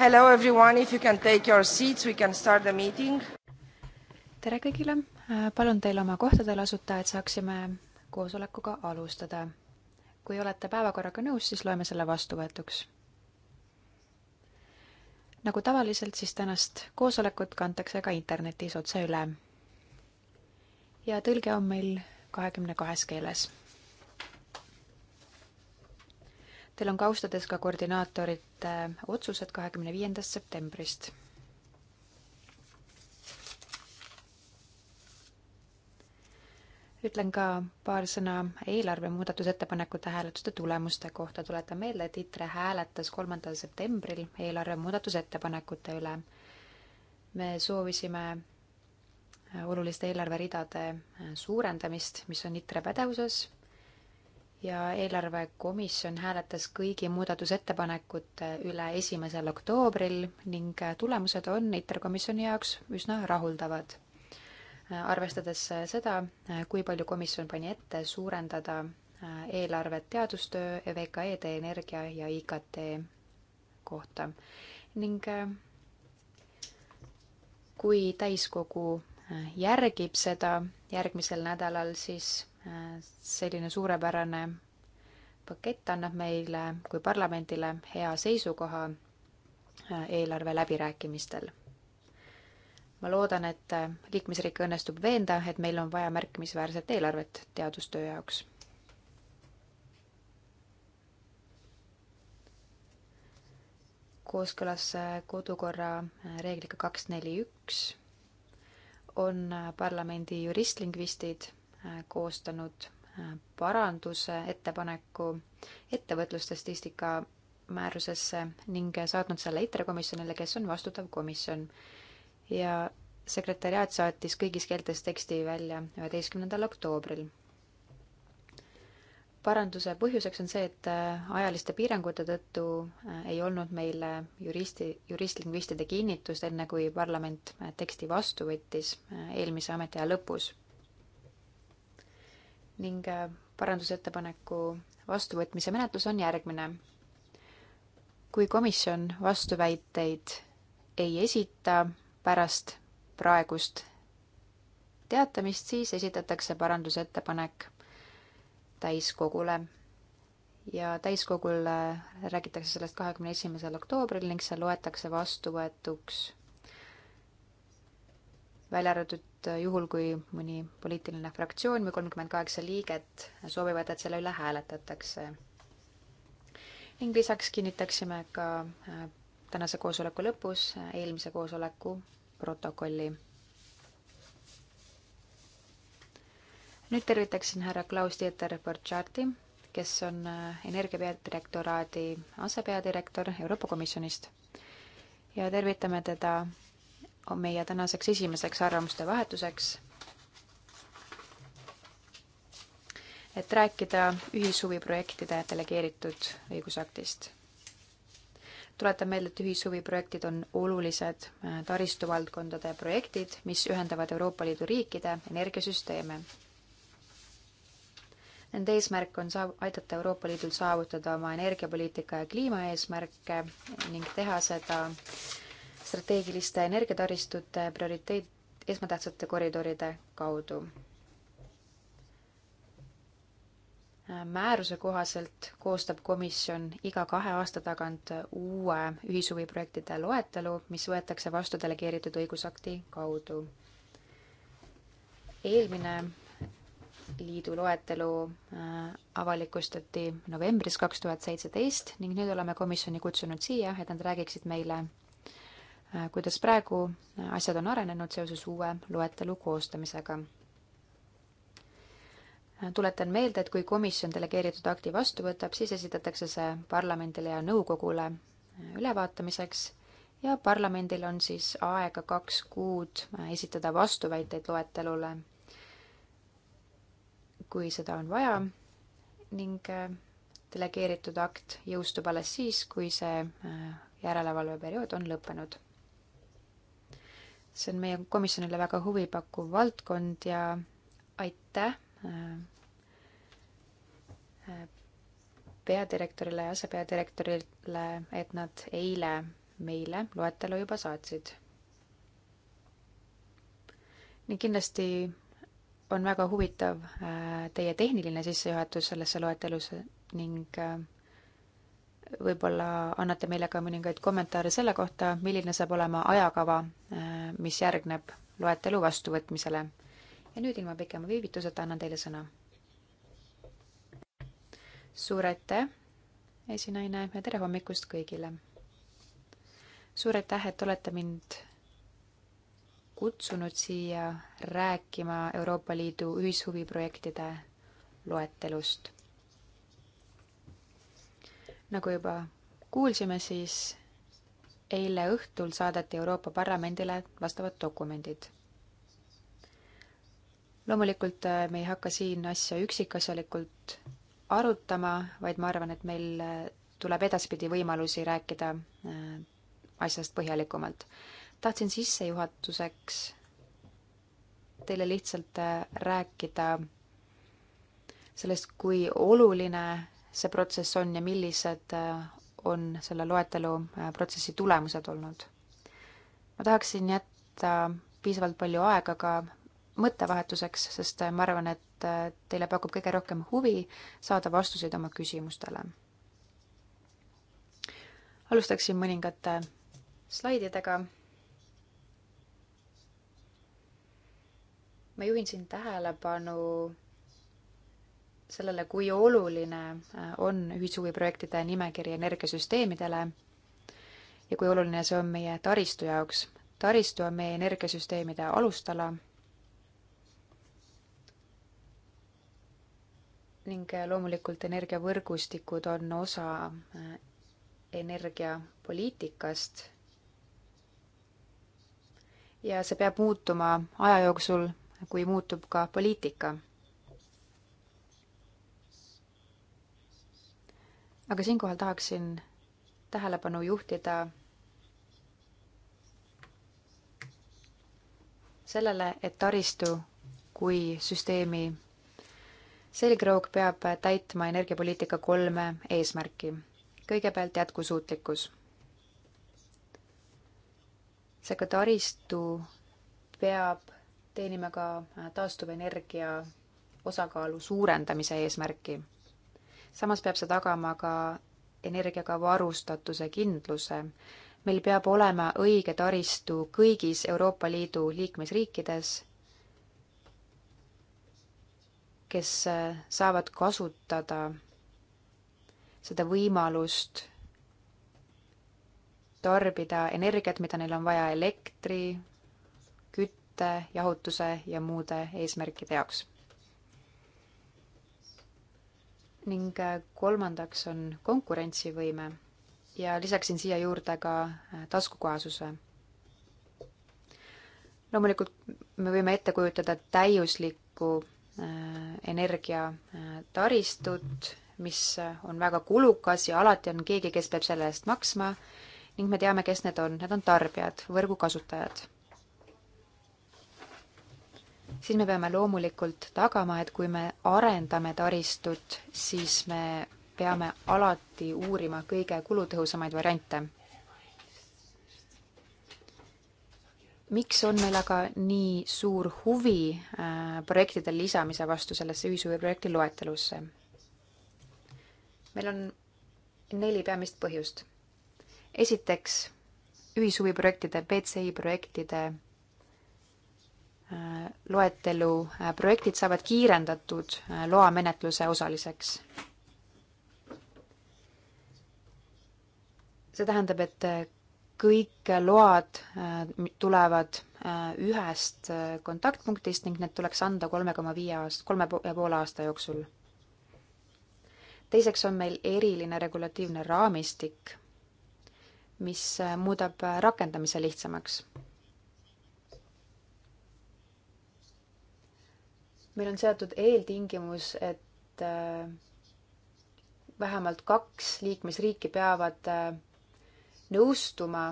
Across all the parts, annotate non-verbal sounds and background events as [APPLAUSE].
Hello everyone, if you can take your seats, we can start the meeting. tere kõigile, äh, palun teil oma kohtadele asuda, et saaksime koosolekuga alustada. kui olete päevakorraga nõus, siis loeme selle vastuvõetuks. nagu tavaliselt, siis tänast koosolekut kantakse ka internetis otse üle. ja tõlge on meil kahekümne kahes keeles Teil on kaustades ka koordinaatorite otsused kahekümne viiendast septembrist. ütlen ka paar sõna eelarve muudatusettepanekute hääletuste tulemuste kohta. tuletan meelde, et ITRE hääletas kolmandal septembril eelarve muudatusettepanekute üle. me soovisime oluliste eelarveridade suurendamist, mis on ITRE pädevuses ja eelarvekomisjon hääletas kõigi muudatusettepanekute üle esimesel oktoobril ning tulemused on interkomisjoni jaoks üsna rahuldavad. arvestades seda, kui palju komisjon pani ette suurendada eelarvet teadustöö, VKE-de energia ja IKT kohta ning kui täiskogu järgib seda järgmisel nädalal, siis selline suurepärane pakett annab meile kui parlamendile hea seisukoha äh, eelarve läbirääkimistel. ma loodan, et äh, liikmesriike õnnestub veenda, et meil on vaja märkimisväärset eelarvet teadustöö jaoks. kooskõlas äh, kodukorra reegliga kaks neli üks on parlamendi juristlingvistid Äh, koostanud äh, paranduse ettepaneku ettevõtlusstatistika määrusesse ning saatnud selle ITRE komisjonile, kes on vastutav komisjon. ja sekretäriaat saatis kõigis keeltes teksti välja üheteistkümnendal oktoobril. paranduse põhjuseks on see, et äh, ajaliste piirangute tõttu ei olnud meile juristi, juristlingvistide kinnitust, enne kui parlament teksti vastu võttis eelmise ametiaja lõpus ning äh, parandusettepaneku vastuvõtmise menetlus on järgmine. kui komisjon vastuväiteid ei esita pärast praegust teatamist, siis esitatakse parandusettepanek täiskogule ja täiskogul räägitakse sellest kahekümne esimesel oktoobril ning see loetakse vastuvõetuks välja arvatud et äh, juhul, kui mõni poliitiline fraktsioon või kolmkümmend kaheksa liiget soovivad, et selle üle hääletatakse. ning lisaks kinnitaksime ka äh, tänase koosoleku lõpus äh, eelmise koosoleku protokolli. nüüd tervitaksin härra Klaus-Dieter Borchardi, kes on Energia peadirektoraadi asepeadirektor Euroopa Komisjonist ja tervitame teda on meie tänaseks esimeseks arvamuste vahetuseks, et rääkida ühishuviprojektide delegeeritud õigusaktist. tuletan meelde, et ühishuviprojektid on olulised äh, taristuvaldkondade projektid, mis ühendavad Euroopa Liidu riikide energiasüsteeme. Nende eesmärk on saav-, aidata Euroopa Liidul saavutada oma energiapoliitika ja kliimaeesmärke ning teha seda strateegiliste energiataristute prioriteet, esmatähtsate koridoride kaudu. määruse kohaselt koostab komisjon iga kahe aasta tagant uue ühishuviprojektide loetelu, mis võetakse vastu delegeeritud õigusakti kaudu. eelmine liidu loetelu äh, avalikustati novembris kaks tuhat seitseteist ning nüüd oleme komisjoni kutsunud siia, et nad räägiksid meile Äh, kuidas praegu äh, asjad on arenenud seoses uue loetelu koostamisega. Äh, tuletan meelde, et kui komisjon delegeeritud akti vastu võtab, siis esitatakse see parlamendile ja nõukogule ülevaatamiseks ja parlamendil on siis aega kaks kuud esitada vastuväiteid loetelule, kui seda on vaja ning delegeeritud akt jõustub alles siis, kui see järelevalveperiood on lõppenud see on meie komisjonile väga huvipakkuv valdkond ja aitäh äh, äh, peadirektorile ja asepeadirektorile, et nad eile meile loetelu juba saatsid. ning kindlasti on väga huvitav äh, teie tehniline sissejuhatus sellesse loetelusse ning äh, võib-olla annate meile ka mõningaid kommentaare selle kohta, milline saab olema ajakava, äh, mis järgneb loetelu vastuvõtmisele. ja nüüd ilma pikema viivituseta annan teile sõna. suur aitäh, esinaine, ja tere hommikust kõigile! suur aitäh, et olete mind kutsunud siia rääkima Euroopa Liidu ühishuviprojektide loetelust nagu juba kuulsime, siis eile õhtul saadeti Euroopa Parlamendile vastavad dokumendid. loomulikult äh, me ei hakka siin asja üksikasjalikult arutama, vaid ma arvan, et meil äh, tuleb edaspidi võimalusi rääkida äh, asjast põhjalikumalt. tahtsin sissejuhatuseks teile lihtsalt rääkida sellest, kui oluline see protsess on ja millised äh, on selle loetelu äh, protsessi tulemused olnud. ma tahaksin jätta piisavalt palju aega ka mõttevahetuseks, sest äh, ma arvan, et teile pakub kõige rohkem huvi saada vastuseid oma küsimustele. alustaksin mõningate slaididega. ma juhin siin tähelepanu sellele, kui oluline äh, on ühishuviprojektide nimekiri energiasüsteemidele ja kui oluline see on meie taristu jaoks. taristu on meie energiasüsteemide alustala ning äh, loomulikult energiavõrgustikud on osa äh, energiapoliitikast ja see peab muutuma aja jooksul, kui muutub ka poliitika aga siinkohal tahaksin tähelepanu juhtida sellele, et taristu kui süsteemi selgroog peab täitma energiapoliitika kolme eesmärki. kõigepealt jätkusuutlikkus. seega taristu peab teenima ka taastuvenergia osakaalu suurendamise eesmärki samas peab see tagama ka energiaga varustatuse kindluse. meil peab olema õige taristu kõigis Euroopa Liidu liikmesriikides, kes äh, saavad kasutada seda võimalust tarbida energiat, mida neil on vaja elektri, kütte, jahutuse ja muude eesmärkide jaoks ning äh, kolmandaks on konkurentsivõime ja lisaksin siia juurde ka äh, taskukohasuse. loomulikult me võime ette kujutada täiuslikku äh, energiataristut, mis on väga kulukas ja alati on keegi, kes peab selle eest maksma ning me teame, kes need on, need on tarbijad, võrgu kasutajad siis me peame loomulikult tagama, et kui me arendame taristut, siis me peame alati uurima kõige kulutõhusamaid variante. miks on meil aga nii suur huvi äh, projektide lisamise vastu sellesse ühishuviprojekti loetelusse? meil on neli peamist põhjust. esiteks, ühishuviprojektide, BCI projektide Äh, loetelu äh, projektid saavad kiirendatud äh, loamenetluse osaliseks. see tähendab, et kõik load tulevad ühest kontaktpunktist ning need tuleks anda kolme koma viie aast-, kolme ja poole aasta jooksul. teiseks on meil eriline regulatiivne raamistik, mis muudab rakendamise lihtsamaks meil on seatud eeltingimus, et äh, vähemalt kaks liikmesriiki peavad äh, nõustuma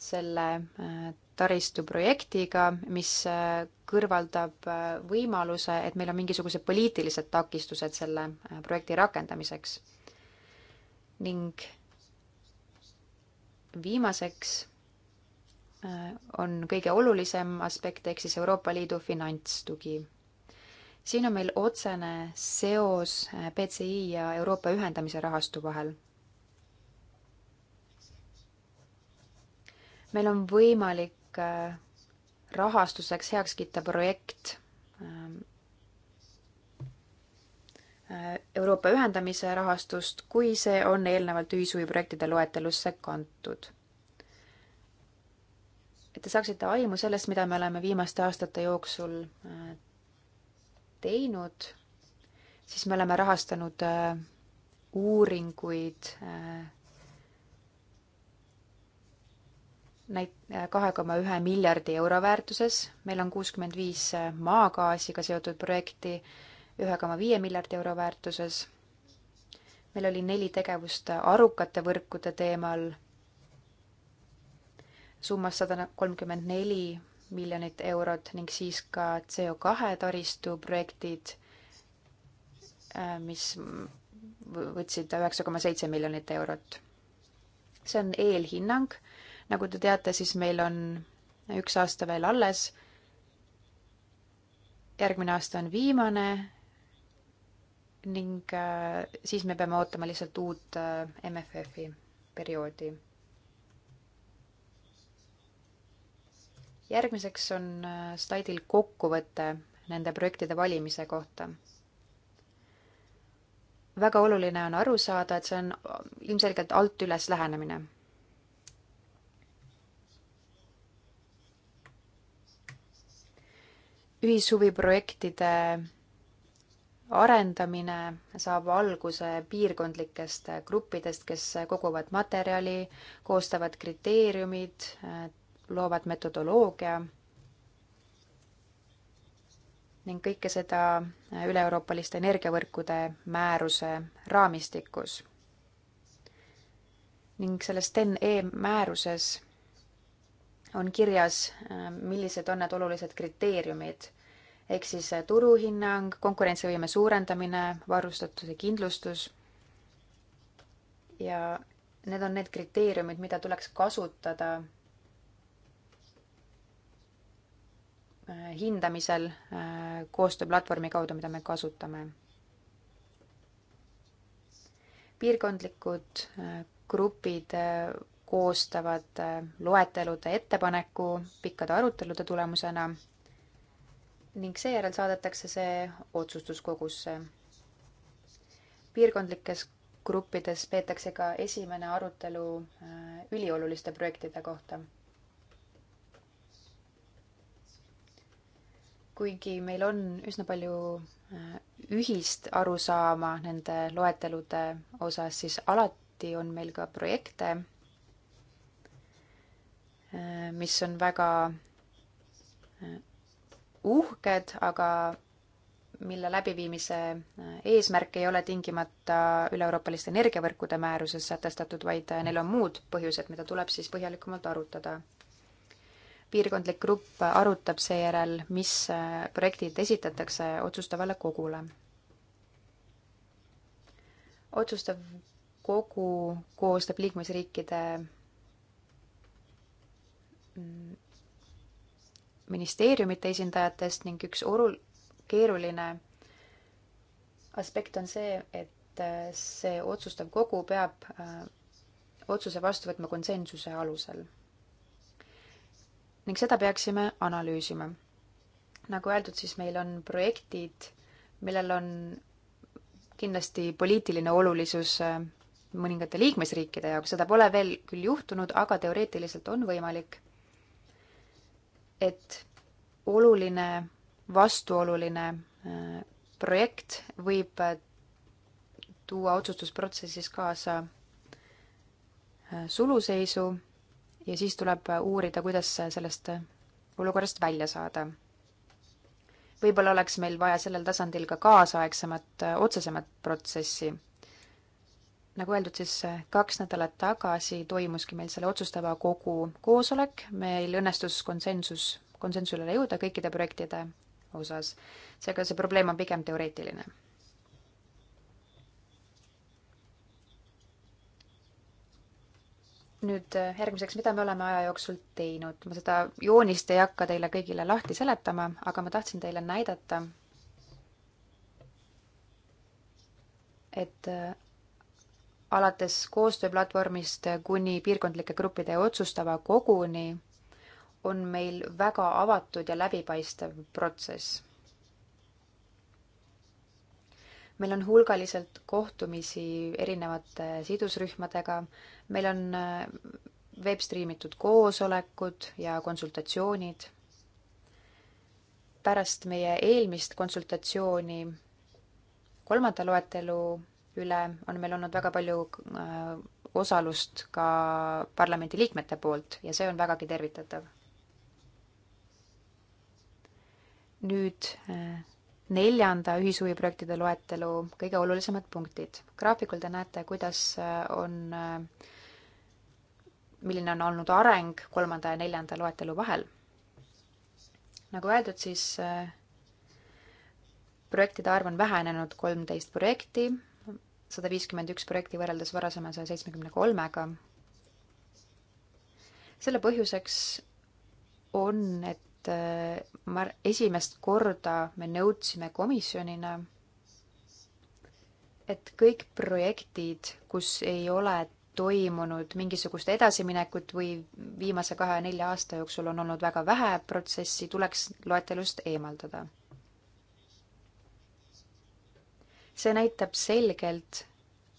selle äh, taristu projektiga, mis kõrvaldab võimaluse, et meil on mingisugused poliitilised takistused selle projekti rakendamiseks. ning viimaseks on kõige olulisem aspekt ehk siis Euroopa Liidu finantstugi siin on meil otsene seos BCI äh, ja Euroopa ühendamise rahastu vahel. meil on võimalik äh, rahastuseks heaks kiita projekt ähm, äh, Euroopa ühendamise rahastust, kui see on eelnevalt ühishuviprojektide loetelusse kantud. et te saaksite aimu sellest, mida me oleme viimaste aastate jooksul teinud, siis me oleme rahastanud äh, uuringuid äh, näit-, äh, kahe koma ühe miljardi euro väärtuses, meil on kuuskümmend viis maagaasiga seotud projekti ühe koma viie miljardi euro väärtuses, meil oli neli tegevust arukate võrkude teemal summas sada kolmkümmend neli miljonit eurot ning siis ka CO2 taristu projektid, äh, mis võtsid üheksa koma seitse miljonit eurot. see on eelhinnang, nagu te teate, siis meil on üks aasta veel alles. järgmine aasta on viimane ning äh, siis me peame ootama lihtsalt uut äh, MFF-i perioodi järgmiseks on äh, slaidil kokkuvõte nende projektide valimise kohta. väga oluline on aru saada, et see on äh, ilmselgelt alt üles lähenemine. ühishuviprojektide arendamine saab alguse piirkondlikest gruppidest, kes koguvad materjali, koostavad kriteeriumid, äh, loovad metodoloogia ning kõike seda üle-euroopaliste energiavõrkude määruse raamistikus. ning selles TEN-E määruses on kirjas, millised on need olulised kriteeriumid, ehk siis turuhinnang, konkurentsivõime suurendamine, varustatuse kindlustus ja need on need kriteeriumid, mida tuleks kasutada Äh, hindamisel äh, koostööplatvormi kaudu, mida me kasutame. piirkondlikud äh, grupid koostavad loetelude ettepaneku pikkade arutelude tulemusena ning seejärel saadetakse see otsustuskogusse. piirkondlikes gruppides peetakse ka esimene arutelu ülioluliste projektide kohta kuigi meil on üsna palju äh, ühist arusaama nende loetelude osas, siis alati on meil ka projekte, äh, mis on väga äh, uhked, aga mille läbiviimise eesmärk ei ole tingimata üle-euroopaliste energiavõrkude määruses sätestatud, vaid neil on muud põhjused, mida tuleb siis põhjalikumalt arutada piirkondlik grupp arutab seejärel, mis äh, projektid esitatakse otsustavale kogule. otsustav kogu koostab liikmesriikide mm, ministeeriumite esindajatest ning üks orul-, keeruline aspekt on see, et äh, see otsustav kogu peab äh, otsuse vastu võtma konsensuse alusel ning seda peaksime analüüsima. nagu öeldud, siis meil on projektid, millel on kindlasti poliitiline olulisus äh, mõningate liikmesriikide jaoks, seda pole veel küll juhtunud, aga teoreetiliselt on võimalik, et oluline, vastuoluline äh, projekt võib äh, tuua otsustusprotsessis kaasa suluseisu ja siis tuleb uurida, kuidas sellest olukorrast välja saada. võib-olla oleks meil vaja sellel tasandil ka kaasaegsemat, otsesemat protsessi. nagu öeldud, siis kaks nädalat tagasi toimuski meil selle otsustava kogu koosolek, meil õnnestus konsensus, konsensusele jõuda kõikide projektide osas. seega see probleem on pigem teoreetiline nüüd äh, järgmiseks, mida me oleme aja jooksul teinud, ma seda joonist ei hakka teile kõigile lahti seletama, aga ma tahtsin teile näidata, et äh, alates koostööplatvormist kuni piirkondlike gruppide otsustava koguni on meil väga avatud ja läbipaistev protsess meil on hulgaliselt kohtumisi erinevate sidusrühmadega, meil on äh, veebstriimitud koosolekud ja konsultatsioonid. pärast meie eelmist konsultatsiooni kolmanda loetelu üle on meil olnud väga palju äh, osalust ka parlamendiliikmete poolt ja see on vägagi tervitatav. nüüd äh, neljanda ühishuviprojektide loetelu kõige olulisemad punktid. graafikul te näete, kuidas äh, on, äh, milline on olnud areng kolmanda ja neljanda loetelu vahel. nagu öeldud, siis äh, projektide arv on vähenenud kolmteist projekti, sada viiskümmend üks projekti võrreldes varasema saja seitsmekümne kolmega. selle põhjuseks on, et et äh, mar-, esimest korda me nõudsime komisjonina, et kõik projektid, kus ei ole toimunud mingisugust edasiminekut või viimase kahe-nelja aasta jooksul on olnud väga vähe protsessi, tuleks loetelust eemaldada. see näitab selgelt,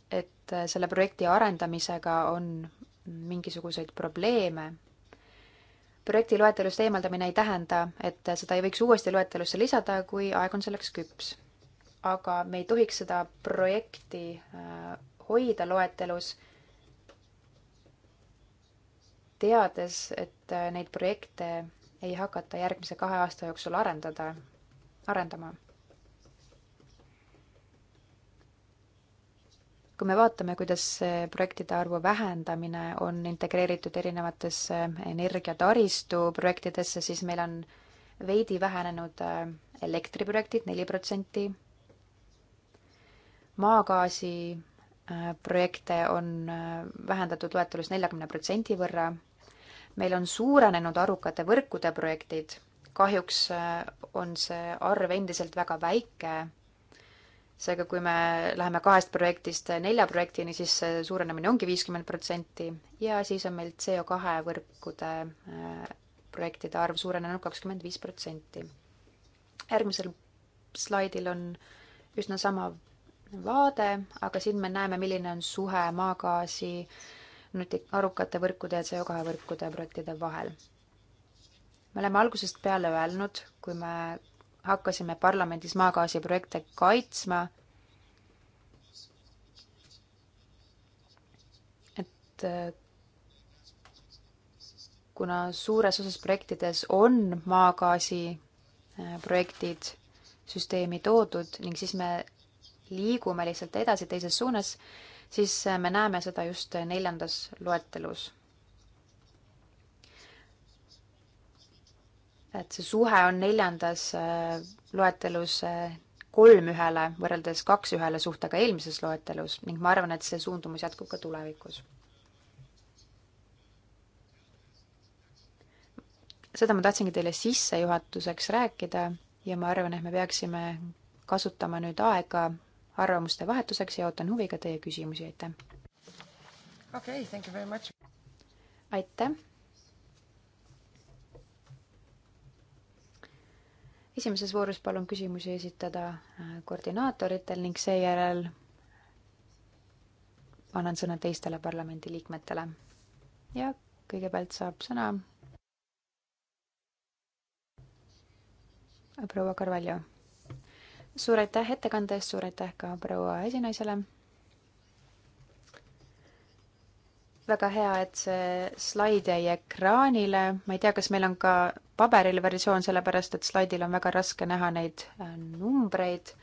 et selle projekti arendamisega on mingisuguseid probleeme projekti loetelust eemaldamine ei tähenda, et seda ei võiks uuesti loetelusse lisada, kui aeg on selleks küps. aga me ei tohiks seda projekti äh, hoida loetelus, teades, et äh, neid projekte ei hakata järgmise kahe aasta jooksul arendada, arendama kui me vaatame, kuidas projektide arvu vähendamine on integreeritud erinevatesse energiataristu projektidesse, siis meil on veidi vähenenud äh, elektriprojektid neli protsenti, maagaasi äh, projekte on äh, vähendatud loetelus neljakümne protsendi võrra, meil on suurenenud arukate võrkude projektid, kahjuks on see arv endiselt väga väike seega, kui me läheme kahest projektist nelja projektini, siis suurenemine ongi viiskümmend protsenti ja siis on meil CO2 võrkude äh, projektide arv suurenenud kakskümmend viis protsenti. järgmisel slaidil on üsna sama vaade, aga siin me näeme, milline on suhe maagaasi nuti-, arukate võrkude ja CO2 võrkude projektide vahel. me oleme algusest peale öelnud, kui me hakkasime parlamendis maagaasiprojekte kaitsma, et äh, kuna suures osas projektides on maagaasi äh, projektid süsteemi toodud ning siis me liigume lihtsalt edasi teises suunas, siis äh, me näeme seda just neljandas loetelus et see suhe on neljandas äh, loetelus äh, kolm ühele võrreldes kaks ühele suhtega eelmises loetelus ning ma arvan, et see suundumus jätkub ka tulevikus. seda ma tahtsingi teile sissejuhatuseks rääkida ja ma arvan, et me peaksime kasutama nüüd aega arvamuste vahetuseks ja ootan huviga teie küsimusi, aitäh! okei okay,, thank you very much! aitäh! esimeses voorus palun küsimusi esitada äh, koordinaatoritel ning seejärel annan sõna teistele parlamendiliikmetele. ja kõigepealt saab sõna proua Carvalho. suur aitäh ettekande eest, suur aitäh ka proua esinaisele väga hea, et see slaid jäi ekraanile, ma ei tea, kas meil on ka paberil versioon, sellepärast et slaidil on väga raske näha neid äh, numbreid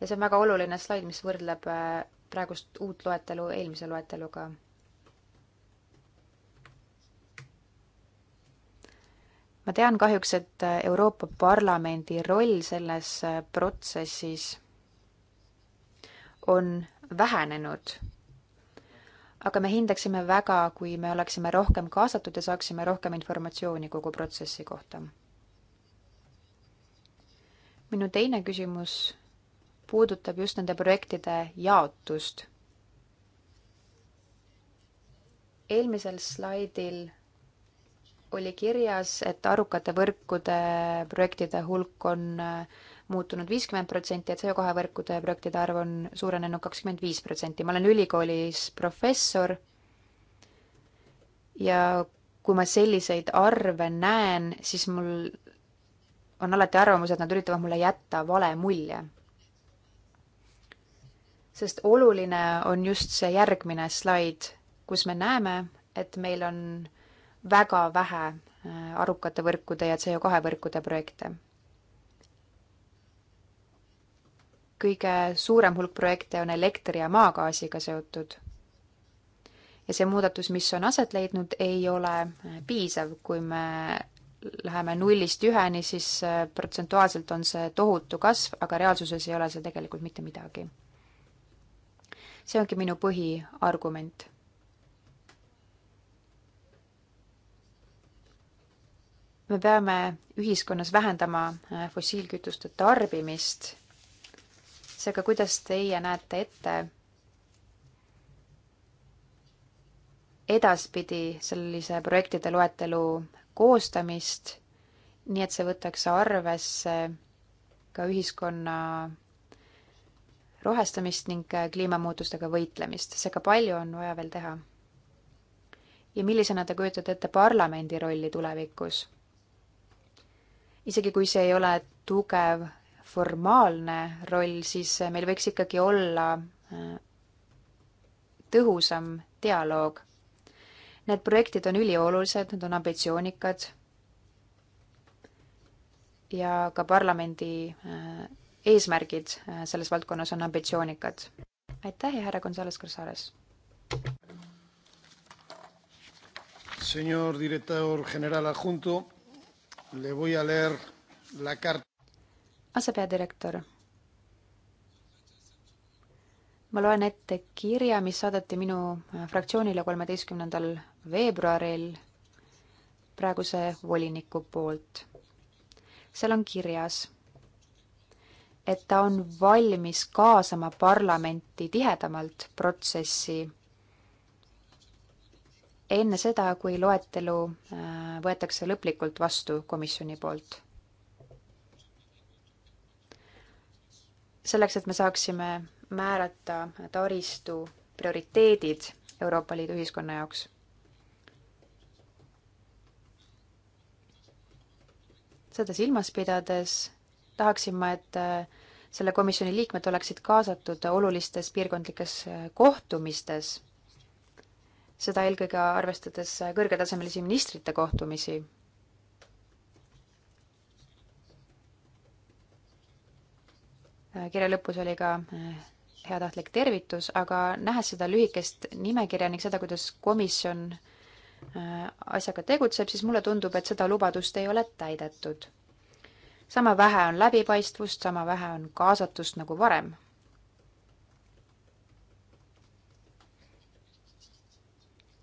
ja see on väga oluline slaid, mis võrdleb äh, praegust uut loetelu eelmise loeteluga. ma tean kahjuks, et äh, Euroopa Parlamendi roll selles protsessis on vähenenud aga me hindaksime väga, kui me oleksime rohkem kaasatud ja saaksime rohkem informatsiooni kogu protsessi kohta. minu teine küsimus puudutab just nende projektide jaotust. eelmisel slaidil oli kirjas, et arukate võrkude projektide hulk on äh, muutunud viiskümmend protsenti ja CO2 võrkude projektide arv on suurenenud kakskümmend viis protsenti. ma olen ülikoolis professor ja kui ma selliseid arve näen, siis mul on alati arvamus, et nad üritavad mulle jätta vale mulje. sest oluline on just see järgmine slaid, kus me näeme, et meil on väga vähe äh, arukate võrkude ja CO2 võrkude projekte kõige suurem hulk projekte on elektri ja maagaasiga seotud. ja see muudatus, mis on aset leidnud, ei ole piisav, kui me läheme nullist üheni, siis äh, protsentuaalselt on see tohutu kasv, aga reaalsuses ei ole see tegelikult mitte midagi. see ongi minu põhiargument. me peame ühiskonnas vähendama äh, fossiilkütuste tarbimist seega, kuidas teie näete ette edaspidi sellise projektide loetelu koostamist, nii et see võtaks arvesse ka ühiskonna rohestamist ning kliimamuutustega võitlemist, seega palju on vaja veel teha. ja millisena te kujutate ette parlamendi rolli tulevikus? isegi kui see ei ole tugev formaalne roll, siis meil võiks ikkagi olla äh, tõhusam dialoog. Need projektid on üliolulised, nad on ambitsioonikad ja ka parlamendi äh, eesmärgid äh, selles valdkonnas on ambitsioonikad. aitäh ja härra Gonzales Corsares! Señor director general adjunto, le voy a leer la carta asepeadirektor. ma loen ette kirja, mis saadeti minu äh, fraktsioonile kolmeteistkümnendal veebruaril praeguse voliniku poolt. seal on kirjas, et ta on valmis kaasama parlamenti tihedamalt protsessi enne seda, kui loetelu äh, võetakse lõplikult vastu komisjoni poolt selleks, et me saaksime määrata taristu prioriteedid Euroopa Liidu ühiskonna jaoks. seda silmas pidades tahaksin ma, et äh, selle komisjoni liikmed oleksid kaasatud olulistes piirkondlikes äh, kohtumistes, seda eelkõige arvestades äh, kõrgetasemelisi ministrite kohtumisi Äh, kirja lõpus oli ka äh, heatahtlik tervitus, aga nähes seda lühikest nimekirja ning seda, kuidas komisjon äh, asjaga tegutseb, siis mulle tundub, et seda lubadust ei ole täidetud. sama vähe on läbipaistvust, sama vähe on kaasatust nagu varem.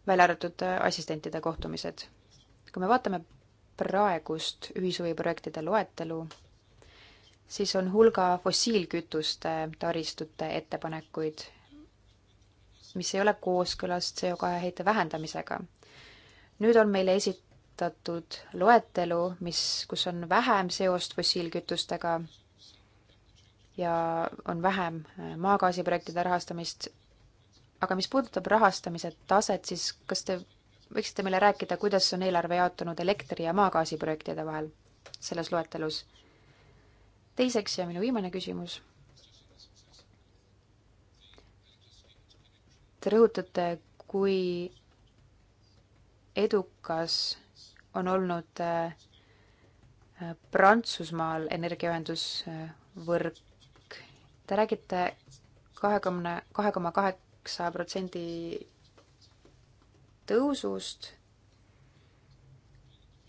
välja arvatud assistentide kohtumised. kui me vaatame praegust ühishuviprojektide loetelu, siis on hulga fossiilkütuste taristute ettepanekuid, mis ei ole kooskõlas CO2 heite vähendamisega. nüüd on meile esitatud loetelu, mis, kus on vähem seost fossiilkütustega ja on vähem äh, maagaasiprojektide rahastamist. aga mis puudutab rahastamise taset, siis kas te võiksite meile rääkida, kuidas on eelarve jaotunud elektri- ja maagaasiprojektide vahel selles loetelus? teiseks ja minu viimane küsimus. Te rõhutate, kui edukas on olnud äh, Prantsusmaal energiaühendusvõrk. Te räägite kahekümne, kahe koma kaheksa protsendi tõusust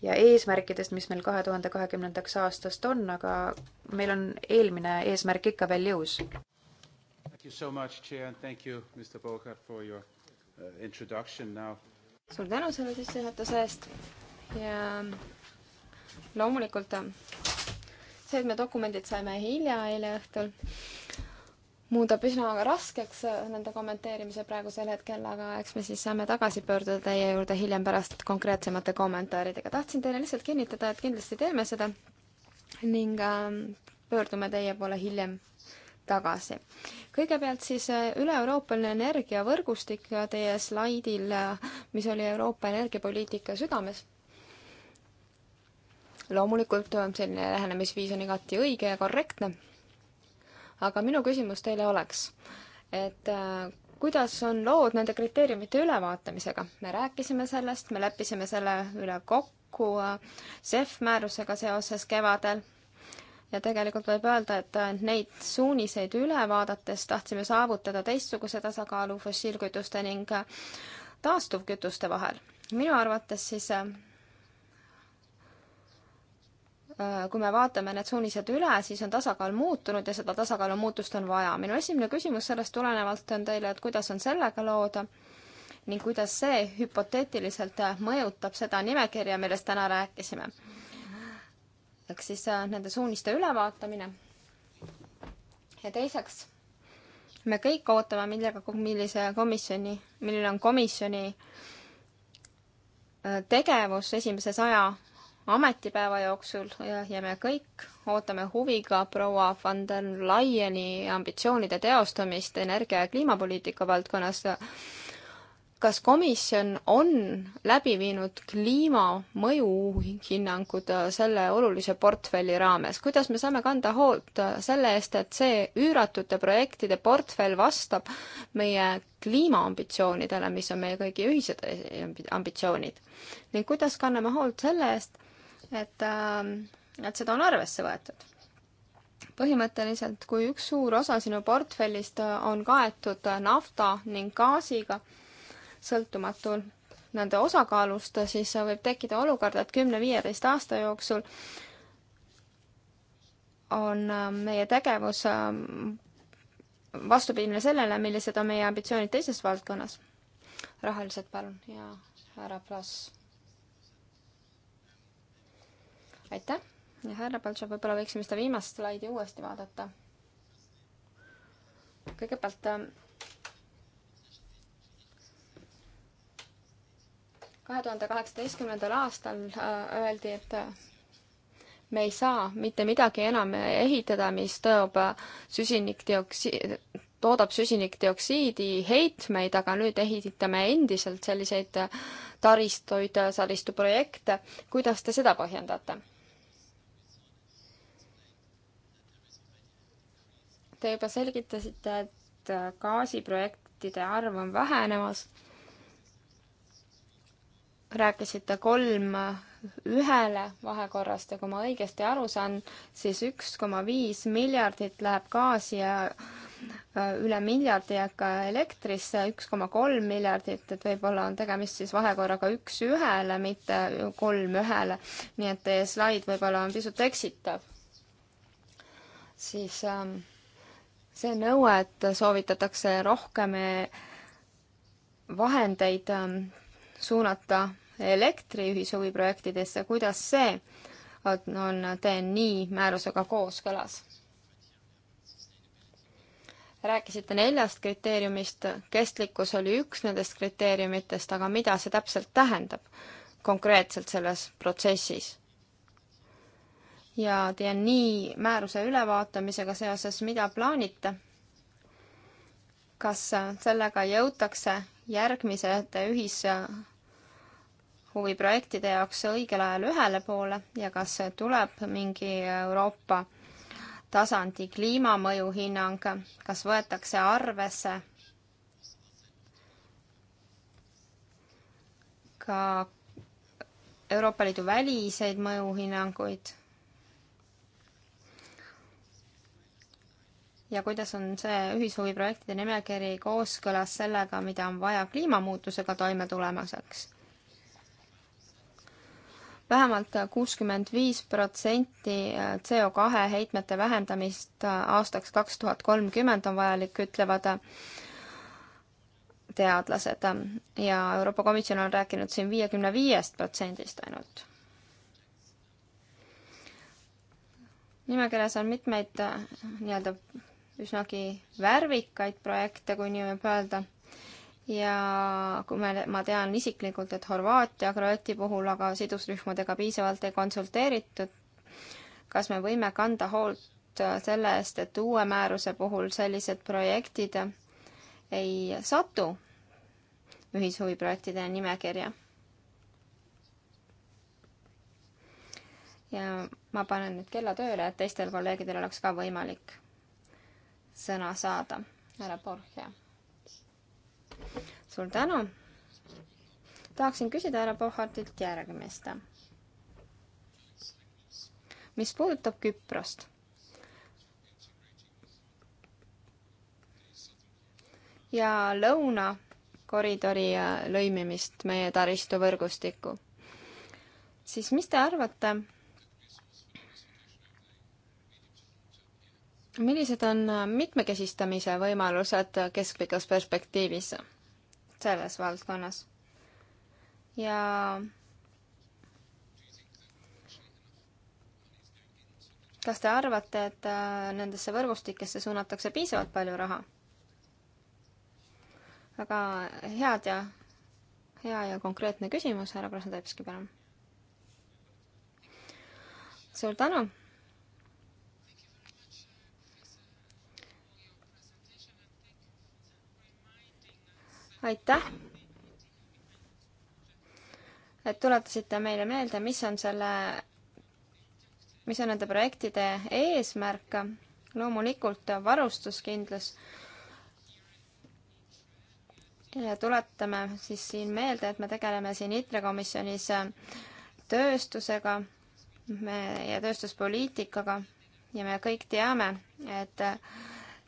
ja eesmärkidest, mis meil kahe tuhande kahekümnendaks aastast on, aga meil on eelmine eesmärk ikka veel jõus. Uh, suur tänu selle sissejuhatuse eest ja loomulikult äh, see, et me dokumendid saime hilja eile õhtul muudab üsna raskeks äh, nende kommenteerimise praegusel hetkel, aga eks me siis saame tagasi pöörduda teie juurde hiljem pärast konkreetsemate kommentaaridega. tahtsin teile lihtsalt kinnitada, et kindlasti teeme seda ning ähm, pöördume teie poole hiljem tagasi. kõigepealt siis äh, üle-Euroopaline energiavõrgustik teie slaidil, äh, mis oli Euroopa energiapoliitika südames loomulikult selline lähenemisviis on igati õige ja korrektne aga minu küsimus teile oleks, et äh, kuidas on lood nende kriteeriumite ülevaatamisega? me rääkisime sellest, me leppisime selle üle kokku äh, CEF määrusega seoses kevadel ja tegelikult võib öelda, et äh, neid suuniseid üle vaadates tahtsime saavutada teistsuguse tasakaalu fossiilkütuste ning taastuvkütuste vahel. minu arvates siis Äh, kui me vaatame need suunised üle, siis on tasakaal muutunud ja seda tasakaalu muutust on vaja. minu esimene küsimus sellest tulenevalt on teile, et kuidas on sellega lood ning kuidas see hüpoteetiliselt mõjutab seda nimekirja, millest täna rääkisime. ehk siis äh, nende suuniste ülevaatamine. ja teiseks, me kõik ootame, millega, millise komisjoni, milline on komisjoni äh, tegevus esimese saja ametipäeva jooksul ja, ja me kõik ootame huviga proua van der Laieni ambitsioonide teostamist energia- ja kliimapoliitika valdkonnas. kas komisjon on läbi viinud kliimamõju hinnangud selle olulise portfelli raames, kuidas me saame kanda hoolt selle eest, et see üüratute projektide portfell vastab meie kliimaambitsioonidele, mis on meie kõigi ühised ambitsioonid ning kuidas kanname hoolt selle eest, et, ähm, et seda on arvesse võetud. põhimõtteliselt, kui üks suur osa sinu portfellist äh, on kaetud äh, nafta ning gaasiga, sõltumatul nende osakaalust, äh, siis võib tekkida olukord, et kümne-viieteist aasta jooksul on meie tegevus ähm, vastupidine sellele, millised on meie ambitsioonid teises valdkonnas. rahaliselt palun ja härra Plass aitäh ja härra Paltšov, võib-olla võiksime seda viimast slaidi uuesti vaadata. kõigepealt äh, kahe tuhande kaheksateistkümnendal aastal äh, öeldi, et äh, me ei saa mitte midagi enam ehitada, mis toob süsinikdioksiid, toodab süsinikdioksiidi heitmeid, aga nüüd ehitame endiselt selliseid taristuid, taristuprojekte. kuidas te seda põhjendate? Te juba selgitasite, et äh, gaasiprojektide arv on vähenemas. rääkisite kolm äh, ühele vahekorrast ja kui ma õigesti aru saan, siis üks koma viis miljardit läheb gaasi ja äh, üle miljardi jääb ka elektrisse, üks koma kolm miljardit, et võib-olla on tegemist siis vahekorraga üks ühele, mitte kolm ühele. nii et teie slaid võib-olla on pisut eksitav. siis ähm, see nõue, et soovitatakse rohkem eh, vahendeid eh, suunata elektriühise huvi projektidesse, kuidas see on, on TNI määrusega kooskõlas? rääkisite neljast kriteeriumist, kestlikkus oli üks nendest kriteeriumitest, aga mida see täpselt tähendab konkreetselt selles protsessis? ja TNI määruse ülevaatamisega seoses, mida plaanite? kas sellega jõutakse järgmisete ühishuviprojektide jaoks õigel ajal ühele poole ja kas tuleb mingi Euroopa tasandi kliimamõju hinnang, kas võetakse arvesse ka Euroopa Liidu väliseid mõjuhinnanguid ja kuidas on see ühishuviprojektide nimekiri kooskõlas sellega, mida on vaja kliimamuutusega toime tulemiseks? vähemalt kuuskümmend viis protsenti CO kahe heitmete vähendamist aastaks kaks tuhat kolmkümmend on vajalik, ütlevad teadlased ja Euroopa Komisjon on rääkinud siin viiekümne viiest protsendist ainult nimekirjas on mitmeid äh, nii-öelda üsnagi värvikaid projekte, kui nii võib öelda. ja kui me, ma tean isiklikult, et Horvaatia projekti puhul aga sidusrühmadega piisavalt ei konsulteeritud, kas me võime kanda hoolt selle eest, et uue määruse puhul sellised projektid ei satu ühishuviprojektide nimekirja? ja ma panen nüüd kella tööle, et teistel kolleegidel oleks ka võimalik sõna saada. härra Borja. suur tänu. tahaksin küsida härra Pohhardilt järgmist. mis puudutab Küprost ja lõunakoridori äh, lõimimist meie taristuvõrgustikku, siis mis te arvate, millised on äh, mitmekesistamise võimalused äh, keskpikas perspektiivis selles valdkonnas? ja kas te arvate, et äh, nendesse võrgustikesse suunatakse piisavalt palju raha? väga head ja, hea ja konkreetne küsimus, härra Krasnodebski, palun. suur tänu aitäh, et tuletasite meile meelde, mis on selle, mis on nende projektide eesmärk. loomulikult varustuskindlus ja tuletame siis siin meelde, et me tegeleme siin ITRE komisjonis tööstusega me ja tööstuspoliitikaga ja me kõik teame, et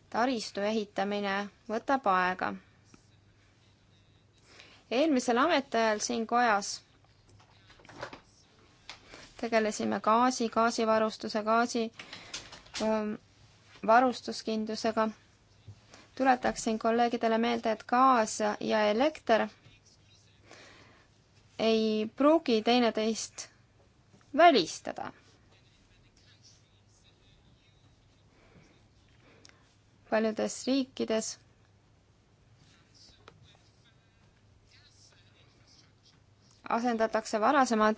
taristu ehitamine võtab aega eelmisel ametiajal siin kojas tegelesime gaasi, gaasivarustuse, gaasi öö, ähm, varustuskindlusega. tuletaksin kolleegidele meelde, et gaas ja elekter ei pruugi teineteist välistada paljudes riikides asendatakse varasemad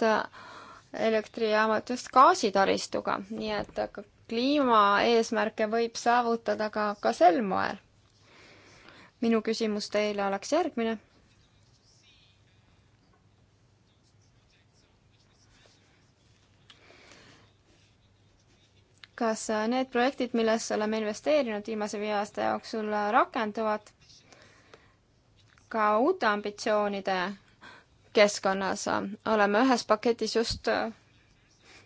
elektrijaamad just gaasitaristuga, nii et kliimaeesmärke võib saavutada ka, ka sel moel. minu küsimus teile oleks järgmine. kas need projektid, millesse oleme investeerinud viimase viie aasta jooksul, rakenduvad ka uute ambitsioonide keskkonnas. oleme ühes paketis just äh,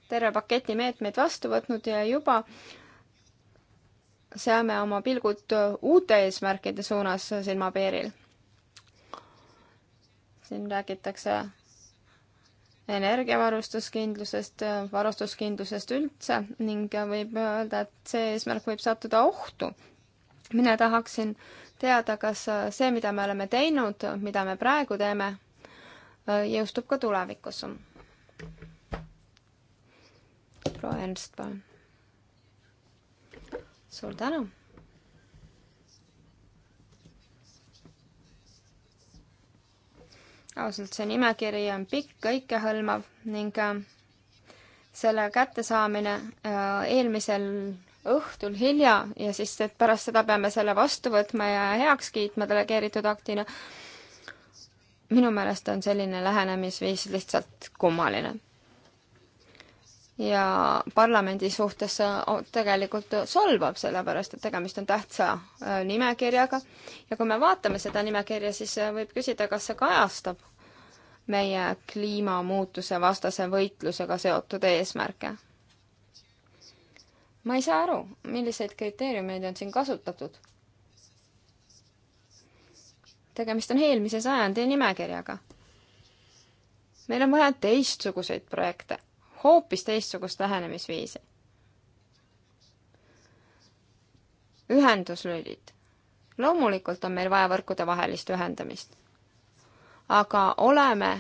terve paketi meetmeid vastu võtnud ja juba seame oma pilgud äh, uute eesmärkide suunas silmapiiril. siin räägitakse energiavarustuskindlusest, äh, varustuskindlusest üldse ning võib öelda, et see eesmärk võib sattuda ohtu. mina tahaksin teada, kas see, mida me oleme teinud, mida me praegu teeme, Äh, jõustub ka tulevikus. proua Ernst, palun. suur tänu. ausalt, see nimekiri on pikk, kõikehõlmav ning äh, selle kättesaamine äh, eelmisel õhtul hilja ja siis pärast seda peame selle vastu võtma ja heaks kiitma delegeeritud aktina minu meelest on selline lähenemisviis lihtsalt kummaline. ja parlamendi suhtes tegelikult solvab, sellepärast et tegemist on tähtsa äh, nimekirjaga ja kui me vaatame seda nimekirja, siis äh, võib küsida, kas see kajastab meie kliimamuutuse vastase võitlusega seotud eesmärke. ma ei saa aru, milliseid kriteeriumeid on siin kasutatud tegemist on eelmise sajandi nimekirjaga. meil on vaja teistsuguseid projekte, hoopis teistsugust lähenemisviisi. ühenduslülid. loomulikult on meil vaja võrkudevahelist ühendamist. aga oleme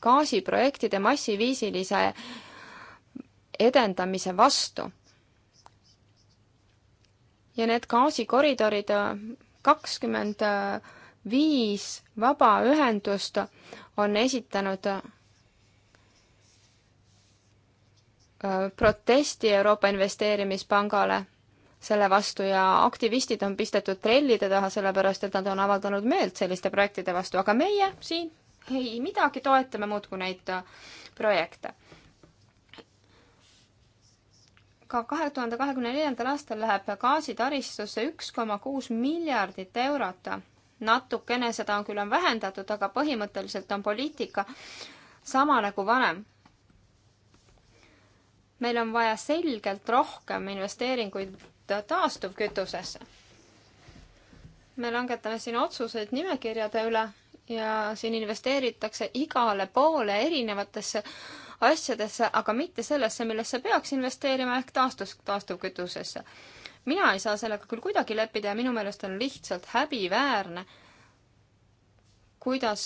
gaasiprojektide massiviisilise edendamise vastu. ja need gaasikoridorid kakskümmend 20 äh, viis vabaühendust on esitanud äh, protesti Euroopa Investeerimispangale selle vastu ja aktivistid on pistetud trellide taha, sellepärast et nad on avaldanud meelt selliste projektide vastu, aga meie siin ei midagi, toetame muudkui neid äh, projekte. ka kahe tuhande kahekümne neljandal aastal läheb gaasitaristusse üks koma kuus miljardit eurot natukene seda on küll on vähendatud, aga põhimõtteliselt on poliitika sama nagu varem. meil on vaja selgelt rohkem investeeringuid taastuvkütusesse. me langetame siin otsuseid nimekirjade üle ja siin investeeritakse igale poole erinevatesse asjadesse, aga mitte sellesse, millesse peaks investeerima ehk taastus, taastuvkütusesse mina ei saa sellega küll kuidagi leppida ja minu meelest on lihtsalt häbiväärne, kuidas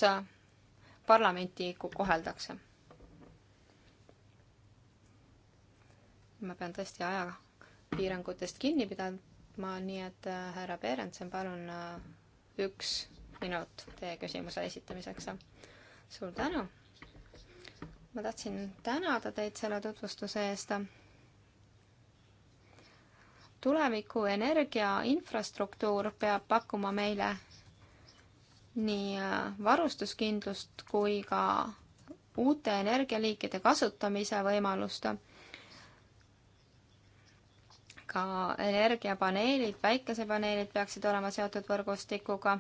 parlamenti koheldakse. ma pean tõesti ajapiirangutest kinni pidama, nii et äh, härra Berendsen, palun äh, üks minut teie küsimuse esitamiseks. suur tänu! ma tahtsin tänada teid selle tutvustuse eest tuleviku energia infrastruktuur peab pakkuma meile nii äh, varustuskindlust kui ka uute energialiikide kasutamise võimalust. ka energiapaneelid, päikesepaneelid peaksid olema seotud võrgustikuga.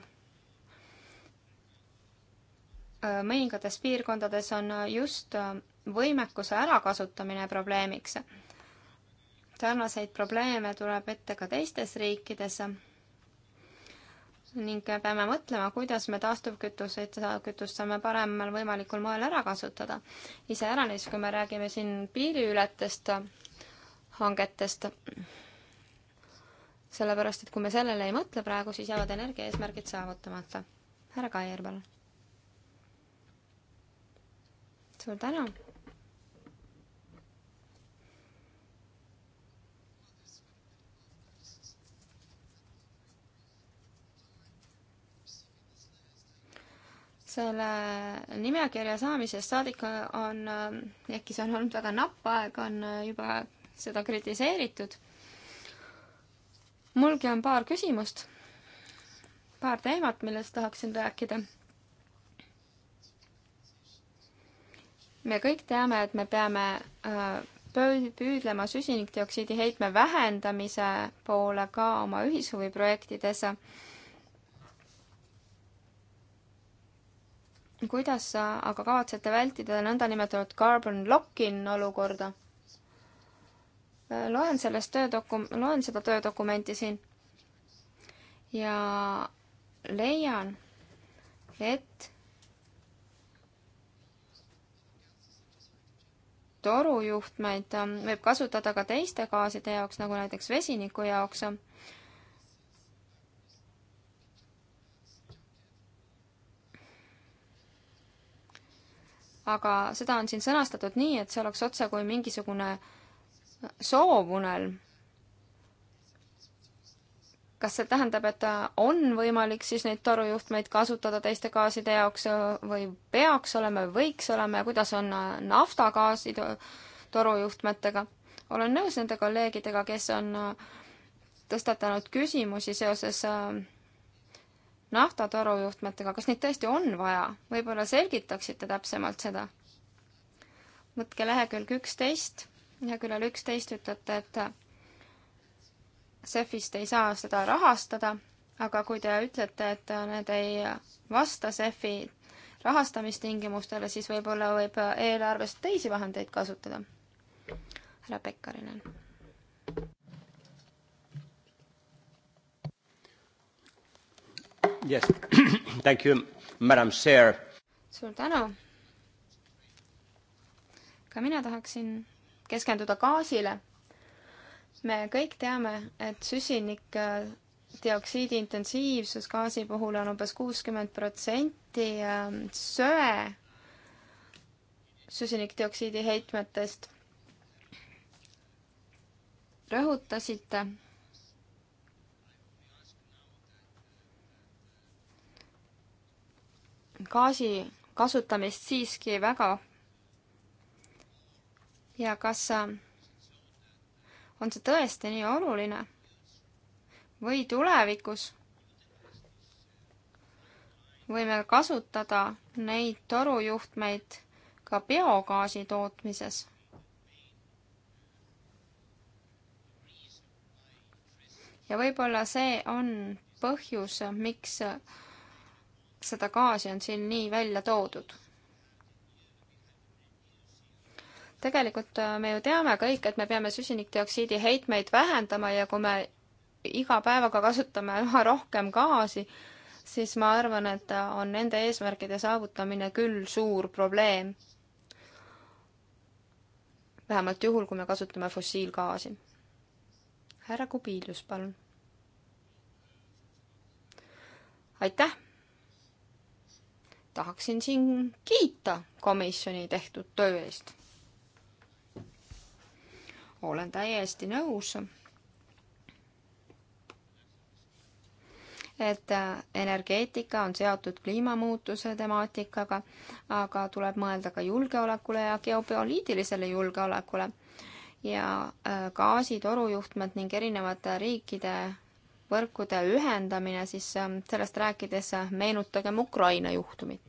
Äh, mõningates piirkondades on äh, just võimekuse ärakasutamine probleemiks sarnaseid probleeme tuleb ette ka teistes riikides ning peame mõtlema, kuidas me taastuvkütuseid, kütust saame paremal võimalikul moel ära kasutada. iseäranis, kui me räägime siin piiriületest hangetest, sellepärast et kui me sellele ei mõtle praegu, siis jäävad energiaeesmärgid saavutamata. härra Kaier, palun. suur tänu selle nimekirja saamisest saadik on, ehkki see on olnud väga napp aeg, on juba seda kritiseeritud. mulgi on paar küsimust, paar teemat, millest tahaksin rääkida. me kõik teame, et me peame äh, püüdlema süsinikdioksiidi heitme vähendamise poole ka oma ühishuviprojektides kuidas aga kavatsete vältida nõndanimetatud carbon lock-in olukorda? loen sellest töödokum-, loen seda töödokumenti siin ja leian, et torujuhtmeid ähm, võib kasutada ka teiste gaaside jaoks, nagu näiteks vesiniku jaoks aga seda on siin sõnastatud nii, et see oleks otse kui mingisugune soovunelm. kas see tähendab, et on võimalik siis neid torujuhtmeid kasutada teiste gaaside jaoks või peaks olema või võiks olema ja kuidas on naftagaasi torujuhtmetega? olen nõus nende kolleegidega, kes on tõstatanud küsimusi seoses äh, naftatoru juhtmetega, kas neid tõesti on vaja? võib-olla selgitaksite täpsemalt seda? võtke lehekülg üksteist, leheküljel üksteist ütlete, et CEF-ist ei saa seda rahastada, aga kui te ütlete, et need ei vasta CEF-i rahastamistingimustele, siis võib-olla võib eelarvest teisi vahendeid kasutada. härra Pekkarinen Yes. [CLEARS THROAT] Thank you, madam chair. suur tänu. ka mina tahaksin keskenduda gaasile. me kõik teame, et süsinikdioksiidi äh, intensiivsus gaasi puhul on umbes kuuskümmend protsenti äh, söe süsinikdioksiidi heitmetest. rõhutasite gaasi kasutamist siiski väga ja kas äh, on see tõesti nii oluline või tulevikus võime kasutada neid torujuhtmeid ka biogaasi tootmises. ja võib-olla see on põhjus, miks seda gaasi on siin nii välja toodud. tegelikult äh, me ju teame kõik, et me peame süsinikdioksiidi heitmeid vähendama ja kui me iga päevaga kasutame [LAUGHS] üha rohkem gaasi, siis ma arvan, et äh, on nende eesmärkide saavutamine küll suur probleem. vähemalt juhul, kui me kasutame fossiilgaasi. härra Kubilius, palun. aitäh tahaksin siin kiita komisjoni tehtud töö eest. olen täiesti nõus, et energeetika on seotud kliimamuutuse temaatikaga, aga tuleb mõelda ka julgeolekule ja geopoliitilisele julgeolekule ja äh, gaasitorujuhtmed ning erinevate riikide võrkude ühendamine, siis ähm, sellest rääkides äh, meenutagem Ukraina juhtumit.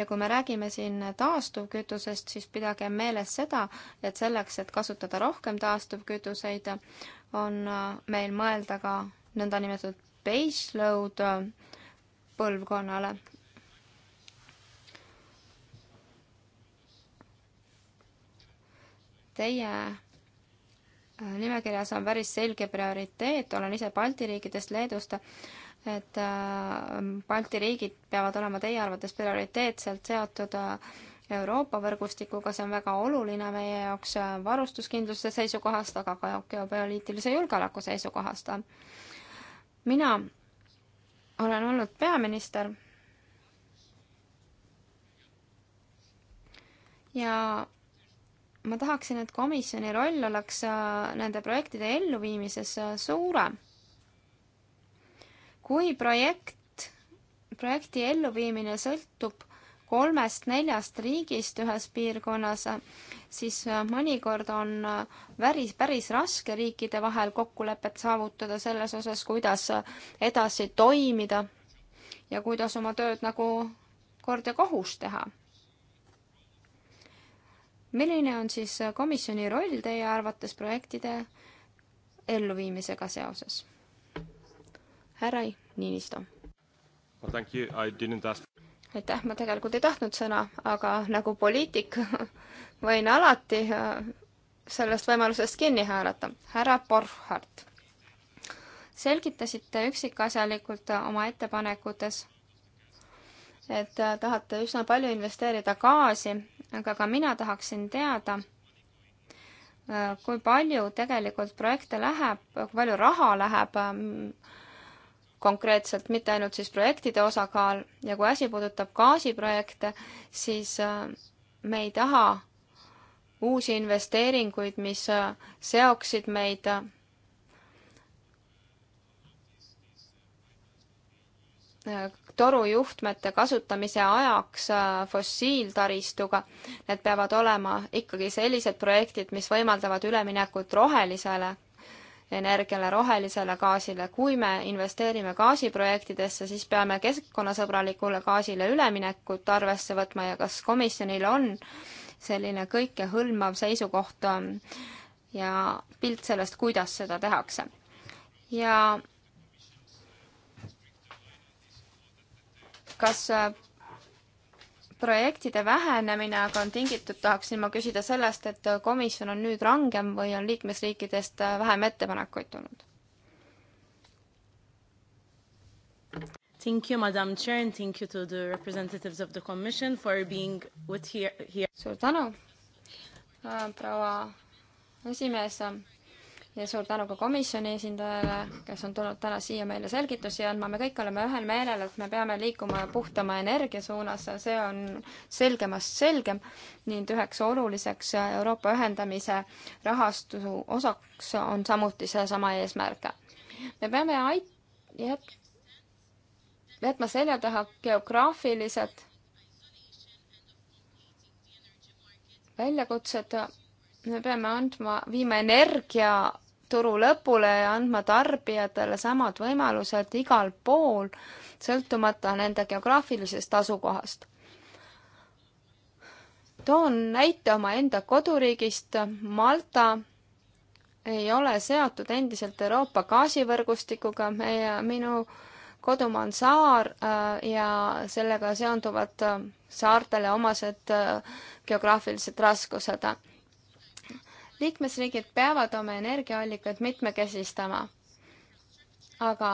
ja kui me räägime siin taastuvkütusest, siis pidage meeles seda, et selleks, et kasutada rohkem taastuvkütuseid, on äh, meil mõelda ka nõndanimetatud baseload äh, põlvkonnale, teie nimekirjas on päris selge prioriteet, olen ise Balti riikidest, Leedust, et äh, Balti riigid peavad olema teie arvates prioriteetselt seotud äh, Euroopa võrgustikuga, see on väga oluline meie jaoks äh, varustuskindluse seisukohast, aga ka geopoliitilise julgeoleku seisukohast. mina olen olnud peaminister ja ma tahaksin, et komisjoni roll oleks äh, nende projektide elluviimises äh, suurem. kui projekt, projekti elluviimine sõltub kolmest-neljast riigist ühes piirkonnas, siis äh, mõnikord on päris, päris raske riikide vahel kokkulepet saavutada selles osas, kuidas edasi toimida ja kuidas oma tööd nagu kord ja kohus teha milline on siis komisjoni roll teie arvates projektide elluviimisega seoses? härra Niinistö well,. aitäh, ma tegelikult ei tahtnud sõna, aga nagu poliitik [LAUGHS] võin alati äh, sellest võimalusest kinni haarata. härra Borchardt, selgitasite üksikasjalikult oma ettepanekutes et äh, tahate üsna palju investeerida gaasi, aga ka mina tahaksin teada, äh, kui palju tegelikult projekte läheb, kui palju raha läheb ähm, konkreetselt, mitte ainult siis projektide osakaal ja kui asi puudutab gaasiprojekte, siis äh, me ei taha uusi investeeringuid, mis seoksid meid torujuhtmete kasutamise ajaks äh, fossiiltaristuga. Need peavad olema ikkagi sellised projektid, mis võimaldavad üleminekut rohelisele energiale, rohelisele gaasile. kui me investeerime gaasiprojektidesse, siis peame keskkonnasõbralikule gaasile üleminekut arvesse võtma ja kas komisjonil on selline kõikehõlmav seisukoht ähm, ja pilt sellest, kuidas seda tehakse. ja kas äh, projektide vähenemine aga on tingitud, tahaksin ma küsida sellest, et äh, komisjon on nüüd rangem või on liikmesriikidest äh, vähem ettepanekuid tulnud? Thank you, Madam Chair, and thank you to the representatives of the Commission for being with here, here. suur tänu, proua esimees ja suur tänu ka komisjoni esindajale, kes on tulnud täna siia meile selgitusi andma, me kõik oleme ühel meelel, et me peame liikuma puhtama energia suunas, see on selgemast selgem ning üheks oluliseks Euroopa ühendamise rahastu osaks on samuti seesama eesmärk. me peame ait-, jät-, jätma selja taha geograafilised väljakutsed me peame andma, viima energia turu lõpule ja andma tarbijatele samad võimalused igal pool, sõltumata nende geograafilisest asukohast. toon näite omaenda koduriigist, Malta ei ole seotud endiselt Euroopa gaasivõrgustikuga, meie, minu kodumaa on saar äh, ja sellega seonduvad äh, saartele omased äh, geograafilised raskused liikmesriigid peavad oma energiaallikaid mitmekesistama, aga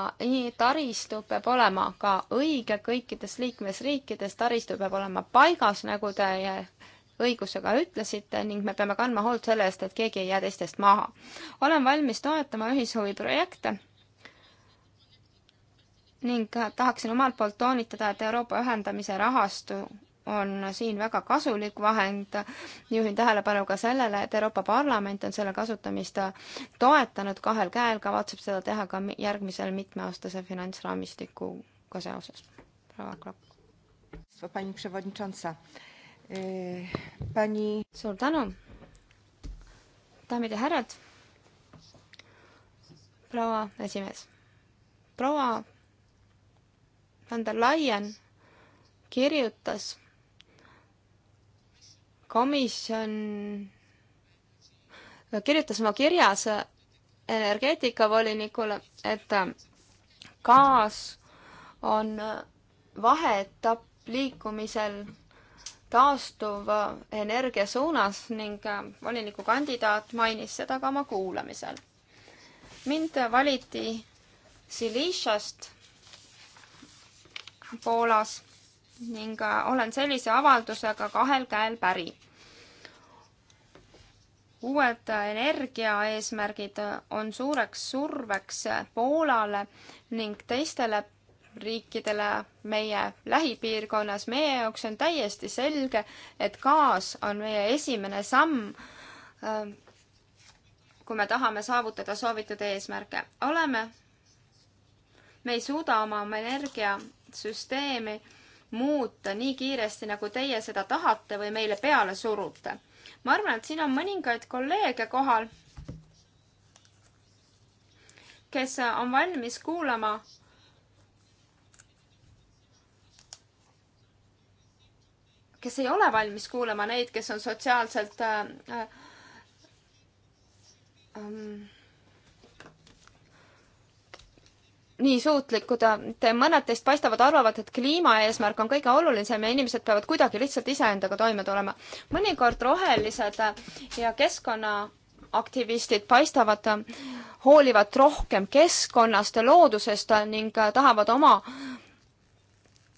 taristu peab olema ka õige kõikides liikmesriikides, taristu peab olema paigas, nagu te õigusega ütlesite ning me peame kandma hoolt selle eest, et keegi ei jää teistest maha. olen valmis toetama ühishuviprojekte ning tahaksin omalt poolt toonitada, et Euroopa ühendamise rahastu on siin väga kasulik vahend. juhin tähelepanu ka sellele, et Euroopa Parlament on selle kasutamist toetanud kahel käel, kavatseb seda teha ka järgmisel mitmeaastase finantsraamistikuga seoses. proua Kropp. E, suur tänu. daamid ja härrad. proua esimees. proua van der Leyen kirjutas komisjon kirjutas oma kirjas energeetikavolinikule, et gaas on vaheetapp liikumisel taastuva energia suunas ning volinikukandidaat mainis seda ka oma kuulamisel. mind valiti Silishast Poolas ning äh, olen sellise avaldusega kahel käel päri. uued äh, energiaeesmärgid äh, on suureks surveks Poolale ning teistele riikidele meie lähipiirkonnas. meie jaoks on täiesti selge, et gaas on meie esimene samm kui me tahame saavutada soovitud eesmärke. oleme, me ei suuda oma energiasüsteemi muuta nii kiiresti, nagu teie seda tahate või meile peale surute. ma arvan, et siin on mõningaid kolleege kohal, kes on valmis kuulama kes ei ole valmis kuulama neid, kes on sotsiaalselt äh, äh, ähm, nii suutlikud. mõned teist paistavad, arvavad, et kliimaeesmärk on kõige olulisem ja inimesed peavad kuidagi lihtsalt iseendaga toime tulema. mõnikord rohelised ja keskkonnaaktivistid paistavad, hoolivad rohkem keskkonnast ja loodusest ning tahavad oma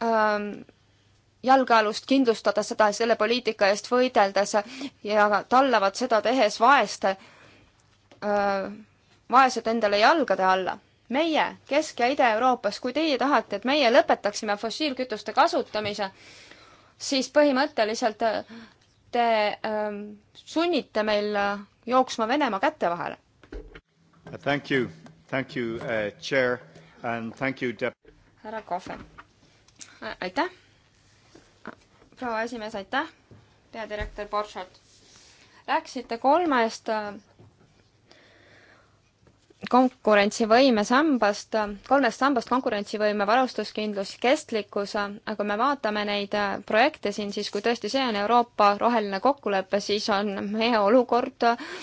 ähm, jalgealust kindlustada seda selle poliitika eest võideldes ja tallavad seda tehes vaeste äh,, vaesed endale jalgade alla meie Kesk- ja Ida-Euroopas, kui teie tahate, et meie lõpetaksime fossiilkütuste kasutamise, siis põhimõtteliselt äh, te ähm, sunnite meil äh, jooksma Venemaa käte vahele. Thank you, thank you uh, chair and thank you dep-. härra Kohver, aitäh. proua esimees, aitäh. peadirektor Borchardt, rääkisite kolmest äh, konkurentsivõime sambast, kolmest sambast konkurentsivõime, varustuskindlus, kestlikkus, aga kui me vaatame neid äh, projekte siin, siis kui tõesti see on Euroopa roheline kokkulepe, siis on meie olukord äh,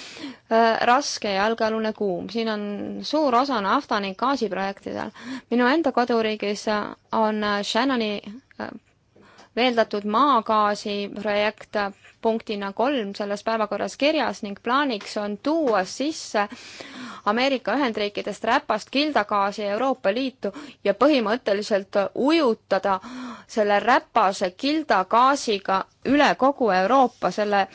raske ja jalgealune kuum. siin on suur osa nafta ning gaasiprojektidel. minu enda koduriigis äh, on Shannoni veeldatud maagaasi projekt punktina kolm selles päevakorras kirjas ning plaaniks on tuua sisse äh, Ameerika Ühendriikidest räpast kildagaasi Euroopa Liitu ja põhimõtteliselt ujutada selle räpase kildagaasiga üle kogu Euroopa, selle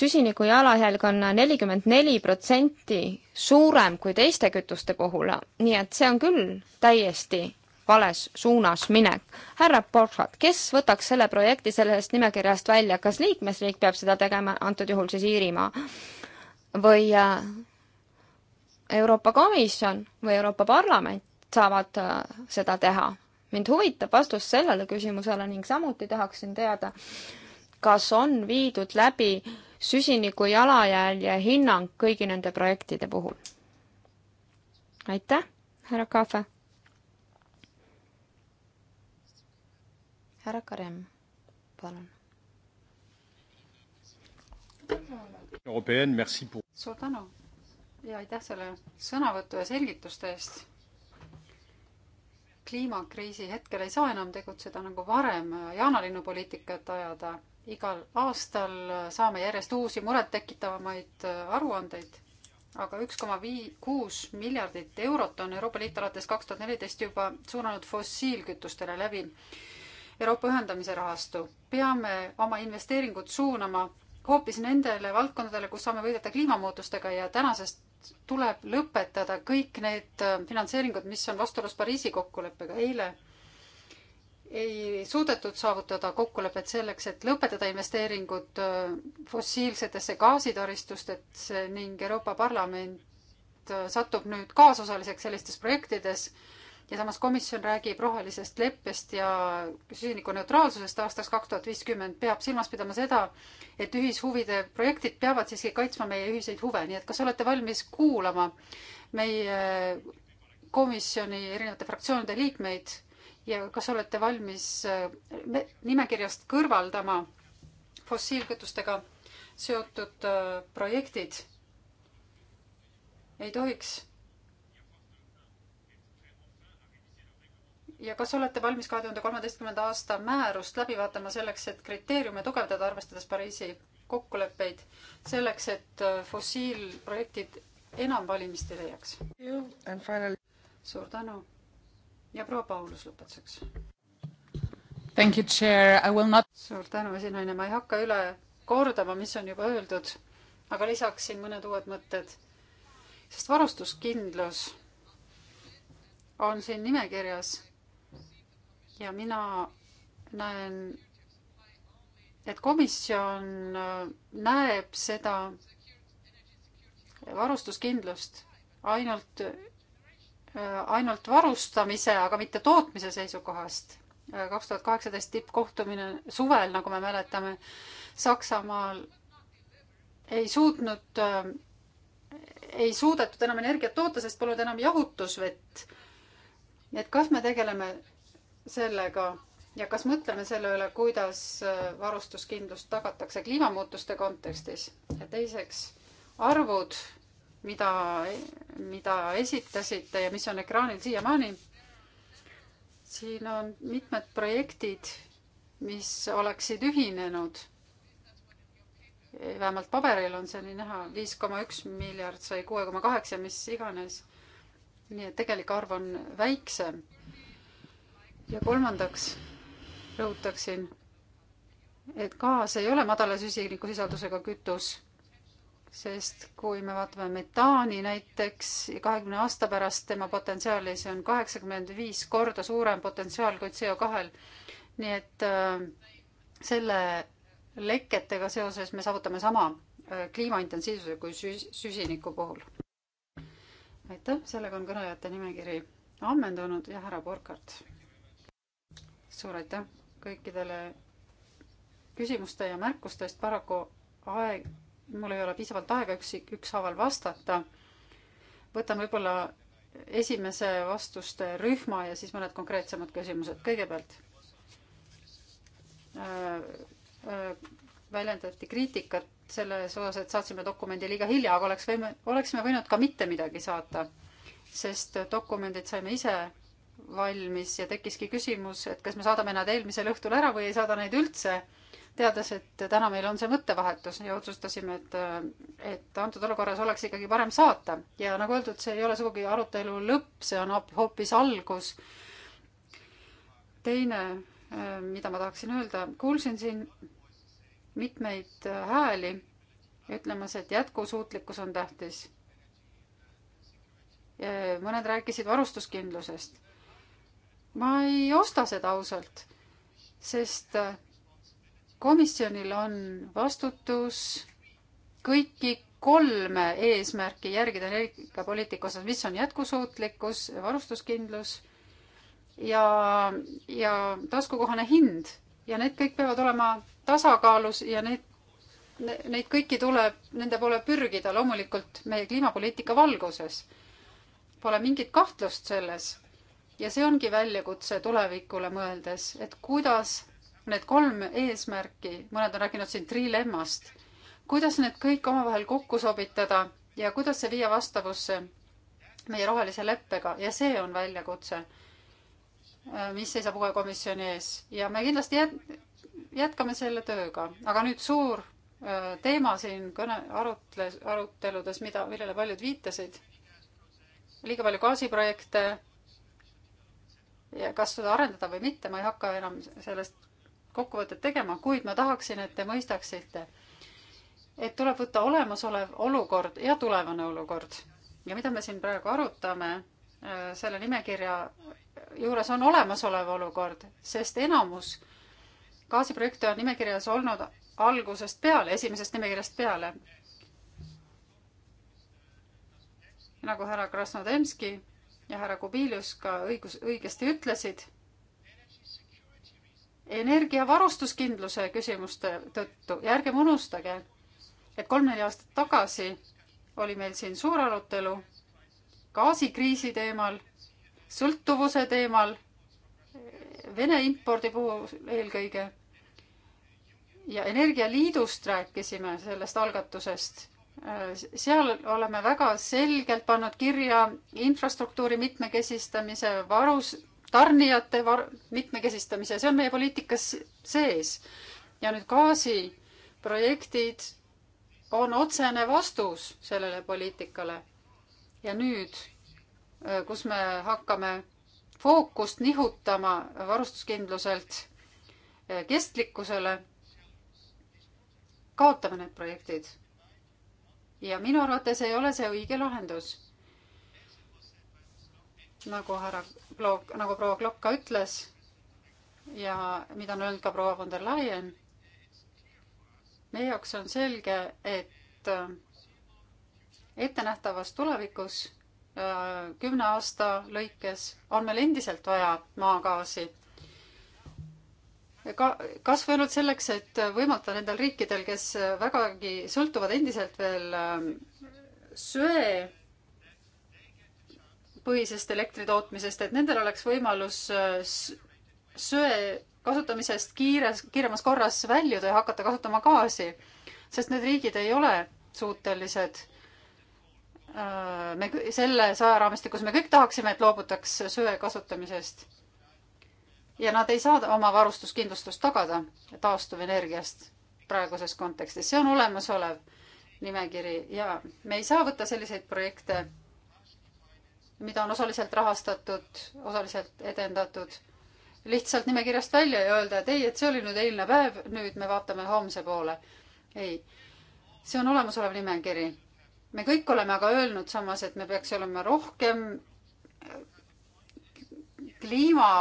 süsiniku jalajälg on nelikümmend neli protsenti suurem kui teiste kütuste puhul, nii et see on küll täiesti vales suunas minek. härra Borchardt, kes võtaks selle projekti sellest nimekirjast välja, kas liikmesriik peab seda tegema, antud juhul siis Iirimaa, või äh, Euroopa Komisjon või Euroopa Parlament saavad äh, seda teha? mind huvitab vastus sellele küsimusele ning samuti tahaksin teada, kas on viidud läbi süsiniku jalajälje hinnang kõigi nende projektide puhul. aitäh, härra Kahve. härra Karem, palun. suur tänu ja aitäh selle sõnavõtu ja selgituste eest. kliimakriisi hetkel ei saa enam tegutseda nagu varem, jaanalinnupoliitikat ajada. igal aastal saame järjest uusi murettekitavamaid aruandeid aga üks koma vii-, kuus miljardit eurot on Euroopa Liit alates kaks tuhat neliteist juba suunanud fossiilkütustele läbi Euroopa ühendamise rahastu. peame oma investeeringud suunama hoopis nendele valdkondadele, kus saame võidelda kliimamuutustega ja tänasest tuleb lõpetada kõik need äh, finantseeringud, mis on vastuolus Pariisi kokkuleppega. eile ei suudetud saavutada kokkulepet selleks, et lõpetada investeeringud äh, fossiilsetesse gaasitaristustesse ning Euroopa Parlament äh, satub nüüd kaasosaliseks sellistes projektides ja samas komisjon räägib rohelisest leppest ja süsinikuneutraalsusest aastaks kaks tuhat viiskümmend, peab silmas pidama seda, et ühishuvide projektid peavad siiski kaitsma meie ühiseid huve, nii et kas olete valmis kuulama meie komisjoni erinevate fraktsioonide liikmeid ja kas olete valmis eh, nimekirjast kõrvaldama fossiilkütustega seotud eh, projektid? ei tohiks ja kas olete valmis kahe tuhande kolmeteistkümnenda aasta määrust läbi vaatama selleks, et kriteeriume tugevdada, arvestades Pariisi kokkuleppeid, selleks et äh, fossiilprojektid enam valimist ei leiaks? Finally... suur tänu ja proua Paulus lõpetuseks. Thank you, chair, I will not. suur tänu, esinaine, ma ei hakka üle kordama, mis on juba öeldud, aga lisaksin mõned uued mõtted. sest varustuskindlus on siin nimekirjas ja mina näen, et komisjon äh, näeb seda varustuskindlust ainult, äh, ainult varustamise, aga mitte tootmise seisukohast. Äh, kaks tuhat kaheksateist tippkohtumine suvel, nagu me mäletame, Saksamaal ei suutnud, ei suudetud enam energiat toota, sest polnud enam jahutusvett. nii et kas me tegeleme sellega ja kas mõtleme selle üle, kuidas äh, varustuskindlust tagatakse kliimamuutuste kontekstis? ja teiseks, arvud, mida, mida esitasite ja mis on ekraanil siiamaani. siin on mitmed projektid, mis oleksid ühinenud. vähemalt paberil on see nii näha, viis koma üks miljard sai kuue koma kaheksa, mis iganes. nii et tegelik arv on väiksem ja kolmandaks rõhutaksin, et gaas ei ole madala süsinikusisaldusega kütus, sest kui me vaatame metaani näiteks ja kahekümne aasta pärast tema potentsiaali, see on kaheksakümmend viis korda suurem potentsiaal kui CO2-l. nii et äh, selle leketega seoses me saavutame sama äh, kliimaintensiivsuse kui süs süsiniku puhul. aitäh, sellega on kõnelejate nimekiri ammendunud ja härra Burkhardt suur aitäh kõikidele küsimuste ja märkuste eest, paraku aeg, mul ei ole piisavalt aega üksi, ükshaaval vastata. võtan võib-olla esimese vastuste rühma ja siis mõned konkreetsemad küsimused. kõigepealt äh, äh, väljendati kriitikat selles osas, et saatsime dokumendi liiga hilja, aga oleks võime, oleksime võinud ka mitte midagi saata, sest dokumendid saime ise valmis ja tekkiski küsimus, et kas me saadame nad eelmisel õhtul ära või ei saada neid üldse, teades, et täna meil on see mõttevahetus ja otsustasime, et, et antud olukorras oleks ikkagi parem saata. ja nagu öeldud, see ei ole sugugi arutelu lõpp, see on hoopis algus. teine, mida ma tahaksin öelda, kuulsin siin mitmeid hääli ütlemas, et jätkusuutlikkus on tähtis mõned rääkisid varustuskindlusest ma ei osta seda ausalt, sest äh, komisjonil on vastutus kõiki kolme eesmärki järgida energiapoliitika osas, mis on jätkusuutlikkus, varustuskindlus ja, ja taskukohane hind ja need kõik peavad olema tasakaalus ja need, neid kõiki tuleb nende poole pürgida loomulikult meie kliimapoliitika valguses. Pole mingit kahtlust selles ja see ongi väljakutse tulevikule mõeldes, et kuidas need kolm eesmärki, mõned on rääkinud siin trilemmast, kuidas need kõik omavahel kokku sobitada ja kuidas see viia vastavusse meie rohelise leppega ja see on väljakutse, äh, mis seisab uue komisjoni ees ja me kindlasti jät-, jätkame selle tööga, aga nüüd suur äh, teema siin kõne, arutles, aruteludes, mida, millele paljud viitasid. liiga palju gaasiprojekte ja kas seda arendada või mitte, ma ei hakka enam sellest kokkuvõtet tegema, kuid ma tahaksin, et te mõistaksite, et tuleb võtta olemasolev olukord ja tulevane olukord ja mida me siin praegu arutame, äh, selle nimekirja juures on olemasolev olukord, sest enamus gaasiprojekte on nimekirjas olnud algusest peale, esimesest nimekirjast peale. nagu härra Krasnodemski ja härra Kubilius ka õigus, õigesti ütlesid, energiavarustuskindluse küsimuste tõttu ja ärgem unustage, et kolm-neli aastat tagasi oli meil siin suur arutelu gaasikriisi teemal, sõltuvuse teemal, Vene impordi puhul eelkõige ja Energialiidust rääkisime, sellest algatusest seal oleme väga selgelt pannud kirja infrastruktuuri mitmekesistamise, varus, tarnijate var-, mitmekesistamise, see on meie poliitikas sees. ja nüüd gaasiprojektid on otsene vastus sellele poliitikale. ja nüüd, äh, kus me hakkame fookust nihutama varustuskindluselt äh, kestlikkusele, kaotame need projektid ja minu arvates ei ole see õige lahendus. nagu härra Klook, nagu proua Klokk ka ütles ja mida on öelnud ka proua von der Leyen, meie jaoks on selge, et äh, ettenähtavas tulevikus äh, kümne aasta lõikes on meil endiselt vaja maagaasi ka kas või ainult selleks, et võimaldada nendel riikidel, kes vägagi sõltuvad endiselt veel ähm, söe põhisest elektri tootmisest, et nendel oleks võimalus äh, söe kasutamisest kiires, kiiremas korras väljuda ja hakata kasutama gaasi, sest need riigid ei ole suutelised äh, me selle sajaraamistikus me kõik tahaksime, et loobutaks söe kasutamisest ja nad ei saa oma varustuskindlustust tagada taastuvenergiast praeguses kontekstis, see on olemasolev nimekiri ja me ei saa võtta selliseid projekte, mida on osaliselt rahastatud, osaliselt edendatud, lihtsalt nimekirjast välja ja öelda, et ei, et see oli nüüd eilne päev, nüüd me vaatame homse poole. ei, see on olemasolev nimekiri. me kõik oleme aga öelnud samas, et me peaks olema rohkem kliima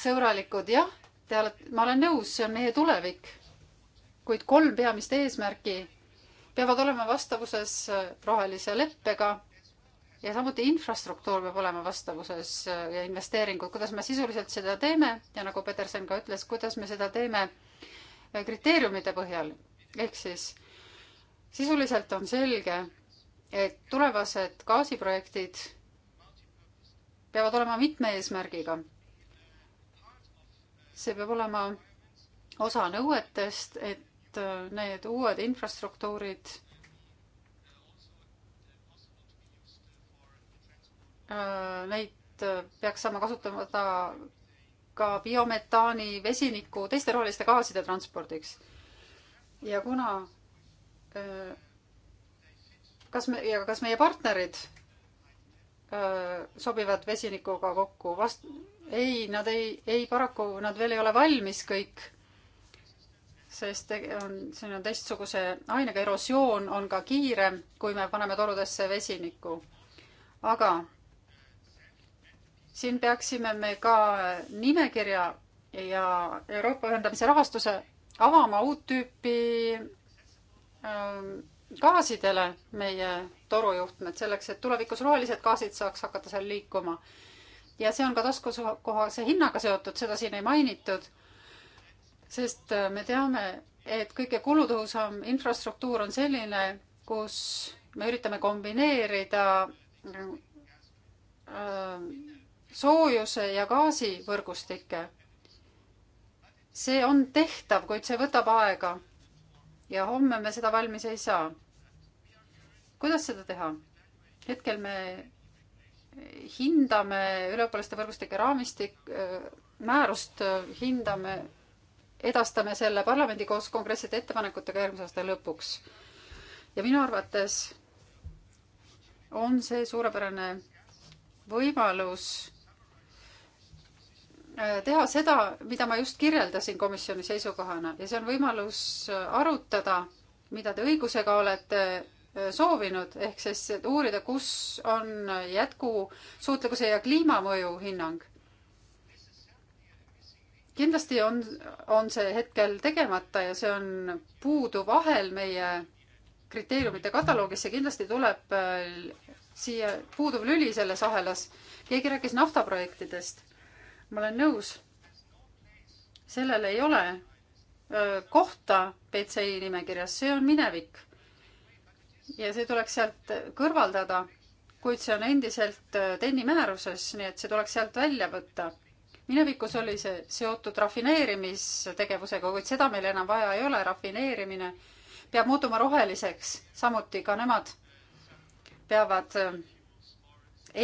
sõbralikud, jah, te olete, ma olen nõus, see on meie tulevik. kuid kolm peamist eesmärki peavad olema vastavuses äh, rohelise leppega ja samuti infrastruktuur peab olema vastavuses äh, ja investeeringud, kuidas me sisuliselt seda teeme ja nagu Peterson ka ütles, kuidas me seda teeme äh, kriteeriumide põhjal. ehk siis sisuliselt on selge, et tulevased gaasiprojektid peavad olema mitme eesmärgiga see peab olema osa nõuetest, et äh, need uued infrastruktuurid äh, neid äh, peaks saama kasutada ka biometaani, vesiniku, teiste roheliste gaaside transpordiks. ja kuna kas me ja kas meie partnerid sobivad vesinikuga kokku vast-, ei, nad ei, ei paraku, nad veel ei ole valmis kõik, sest on selline teistsuguse ainega erosioon on ka kiirem, kui me paneme torudesse vesinikku. aga siin peaksime me ka nimekirja ja Euroopa ühendamise rahastuse avama uut tüüpi ähm, gaasidele meie torujuhtmed selleks, et tulevikus rohelised gaasid saaks hakata seal liikuma ja see on ka taskukohase hinnaga seotud, seda siin ei mainitud. sest äh, me teame, et kõige kulutõhusam infrastruktuur on selline, kus me üritame kombineerida äh, soojuse ja gaasi võrgustikke. see on tehtav, kuid see võtab aega. ja homme me seda valmis ei saa. kuidas seda teha? hetkel me hindame üleõpilaste võrgustike raamistik, äh, määrust äh, hindame, edastame selle parlamendi koos konkreetsete ettepanekutega järgmise aasta lõpuks. ja minu arvates on see suurepärane võimalus äh, teha seda, mida ma just kirjeldasin komisjoni seisukohana ja see on võimalus arutada, mida te õigusega olete Äh, soovinud, ehk siis uurida, kus on jätkusuutlikkuse ja kliimamõju hinnang. kindlasti on, on see hetkel tegemata ja see on puudu vahel meie kriteeriumite kataloogis, see kindlasti tuleb äh, siia puuduv lüli selles ahelas. keegi rääkis naftaprojektidest. ma olen nõus. sellel ei ole äh, kohta BCI nimekirjas, see on minevik ja see tuleks sealt kõrvaldada, kuid see on endiselt äh, TEN-i määruses, nii et see tuleks sealt välja võtta. minevikus oli see seotud rafineerimistegevusega, kuid seda meil enam vaja ei ole, rafineerimine peab muutuma roheliseks, samuti ka nemad peavad äh,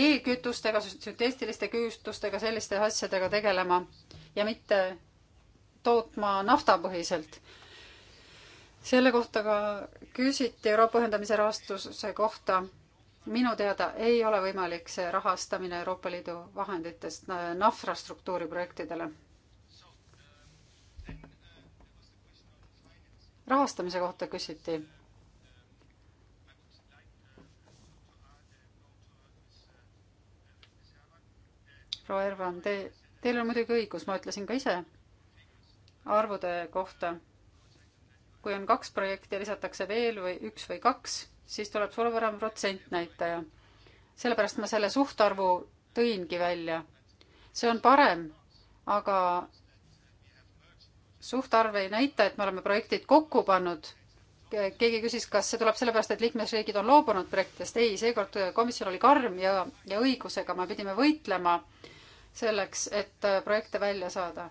e-kütustega, sünteestiliste kütustega, selliste asjadega tegelema ja mitte tootma naftapõhiselt selle kohta ka küsiti Euroopa ühendamise rahastuse kohta. minu teada ei ole võimalik see rahastamine Euroopa Liidu vahenditest äh, NAFRA struktuuriprojektidele. rahastamise kohta küsiti. proua Ervan, te, teil on muidugi õigus, ma ütlesin ka ise arvude kohta kui on kaks projekti ja lisatakse veel või üks või kaks, siis tuleb suurepärane protsentnäitaja. sellepärast ma selle suhtarvu tõingi välja. see on parem, aga suhtarv ei näita, et me oleme projektid kokku pannud. keegi küsis, kas see tuleb sellepärast, et liikmesriigid on loobunud projektidest. ei, seekord komisjon oli karm ja, ja õigusega me pidime võitlema selleks, et projekte välja saada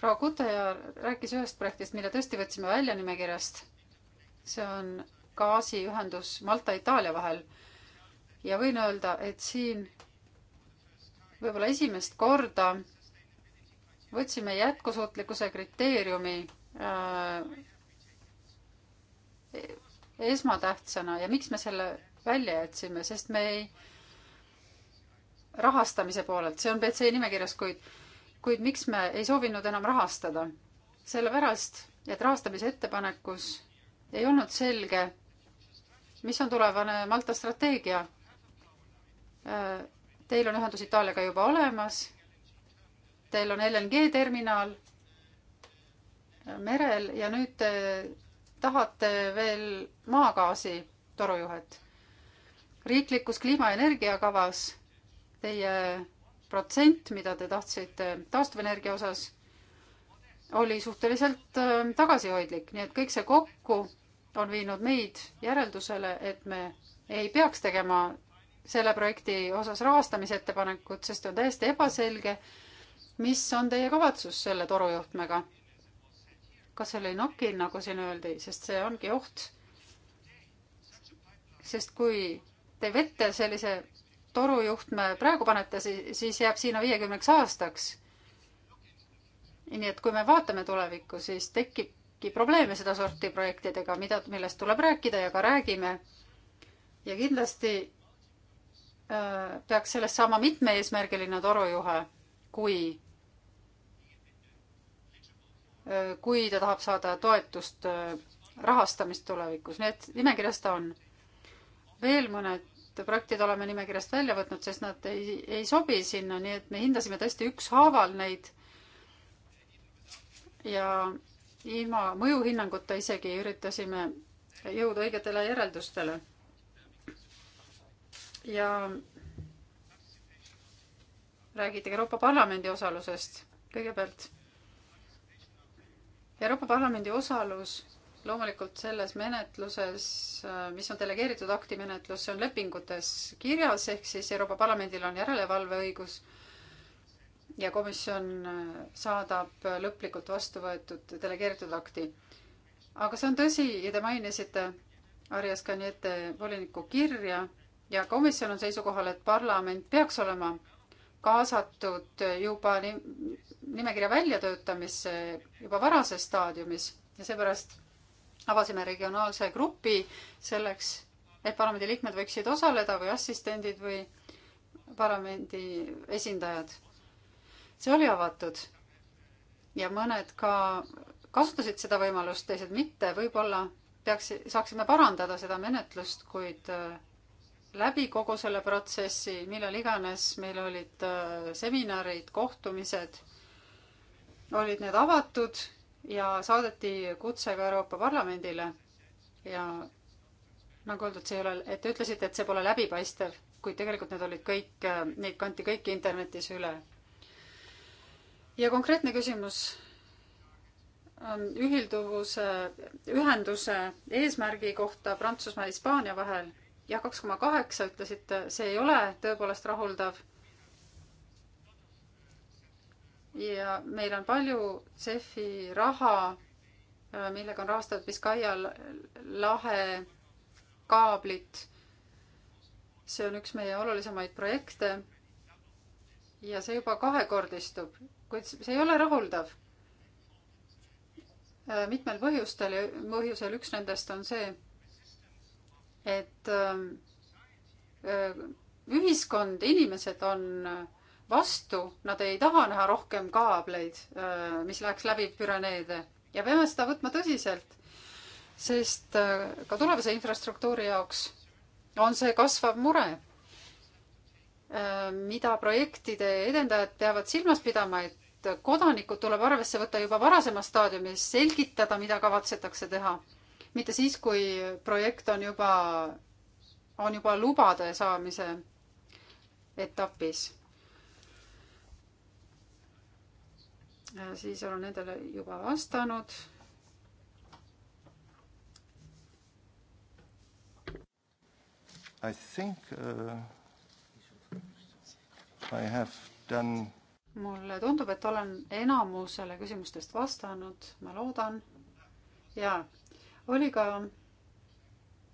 proua Kutaja rääkis ühest projektist, mille tõesti võtsime välja nimekirjast. see on gaasiühendus Malta-Itaalia vahel. ja võin öelda, et siin võib-olla esimest korda võtsime jätkusuutlikkuse kriteeriumi äh, esmatähtsana ja miks me selle välja jätsime, sest me ei rahastamise poolelt, see on BC nimekirjas, kuid kuid miks me ei soovinud enam rahastada? sellepärast, et rahastamise ettepanekus ei olnud selge, mis on tulevane Malta strateegia. Äh, teil on ühendus Itaaliaga juba olemas. Teil on LNG terminal äh, merel ja nüüd te tahate veel maagaasi torujuhet. riiklikus kliima- ja energiakavas teie protsent, mida te tahtsite taastuvenergia osas, oli suhteliselt äh, tagasihoidlik, nii et kõik see kokku on viinud meid järeldusele, et me ei peaks tegema selle projekti osas rahastamisettepanekut, sest on täiesti ebaselge, mis on teie kavatsus selle torujuhtmega. kas see oli nokil, nagu siin öeldi, sest see ongi oht. sest kui te vette sellise torujuhtme praegu panete, siis jääb sinna viiekümneks aastaks. nii et kui me vaatame tulevikku, siis tekibki probleeme sedasorti projektidega, mida, millest tuleb rääkida ja ka räägime. ja kindlasti äh, peaks sellest saama mitmeeesmärgiline torujuhe, kui äh,, kui ta tahab saada toetust äh, rahastamist tulevikus, nii et nimekirjas ta on. veel mõned projektid oleme nimekirjast välja võtnud, sest nad ei, ei sobi sinna, nii et me hindasime tõesti ükshaaval neid. ja ilma mõjuhinnanguta isegi üritasime jõuda õigetele järeldustele. ja räägiti ka Euroopa Parlamendi osalusest kõigepealt. Euroopa Parlamendi osalus loomulikult selles menetluses, äh, mis on delegeeritud akti menetlus, see on lepingutes kirjas, ehk siis Euroopa Parlamendil on järelevalveõigus ja komisjon äh, saadab äh, lõplikult vastu võetud delegeeritud akti. aga see on tõsi ja te mainisite Arias Kaniete voliniku kirja ja komisjon on seisukohal, et parlament peaks olema kaasatud juba nimekirja väljatöötamisse juba varases staadiumis ja seepärast avasime regionaalse grupi selleks, et parlamendiliikmed võiksid osaleda või assistendid või parlamendi esindajad. see oli avatud ja mõned ka kasutasid seda võimalust, teised mitte, võib-olla peaks, saaksime parandada seda menetlust, kuid äh, läbi kogu selle protsessi, millal iganes meil olid äh, seminarid, kohtumised, olid need avatud ja saadeti kutse ka Euroopa Parlamendile ja nagu öeldud, see ei ole, et te ütlesite, et see pole läbipaistev, kuid tegelikult need olid kõik, neid kanti kõik internetis üle. ja konkreetne küsimus on ühilduvuse, ühenduse eesmärgi kohta Prantsusmaa ja Hispaania vahel. jah, kaks koma kaheksa ütlesite, see ei ole tõepoolest rahuldav ja meil on palju CEF-i raha, äh, millega on rahastatud Biskaia lahe kaablit. see on üks meie olulisemaid projekte. ja see juba kahekordistub, kuid see ei ole rahuldav. Äh, mitmel põhjustel ja põhjusel üks nendest on see, et ähm, äh, ühiskond, inimesed on vastu, nad ei taha näha rohkem kaableid, äh, mis läheks läbi Püreneede ja peame seda võtma tõsiselt, sest äh, ka tulevase infrastruktuuri jaoks on see kasvav mure, äh, mida projektide edendajad peavad silmas pidama, et kodanikud tuleb arvesse võtta juba varasemas staadiumis, selgitada, mida kavatsetakse teha. mitte siis, kui projekt on juba, on juba lubade saamise etapis siis olen nendele juba vastanud. I think uh, I have done mulle tundub, et olen enamusele küsimustest vastanud, ma loodan. ja oli ka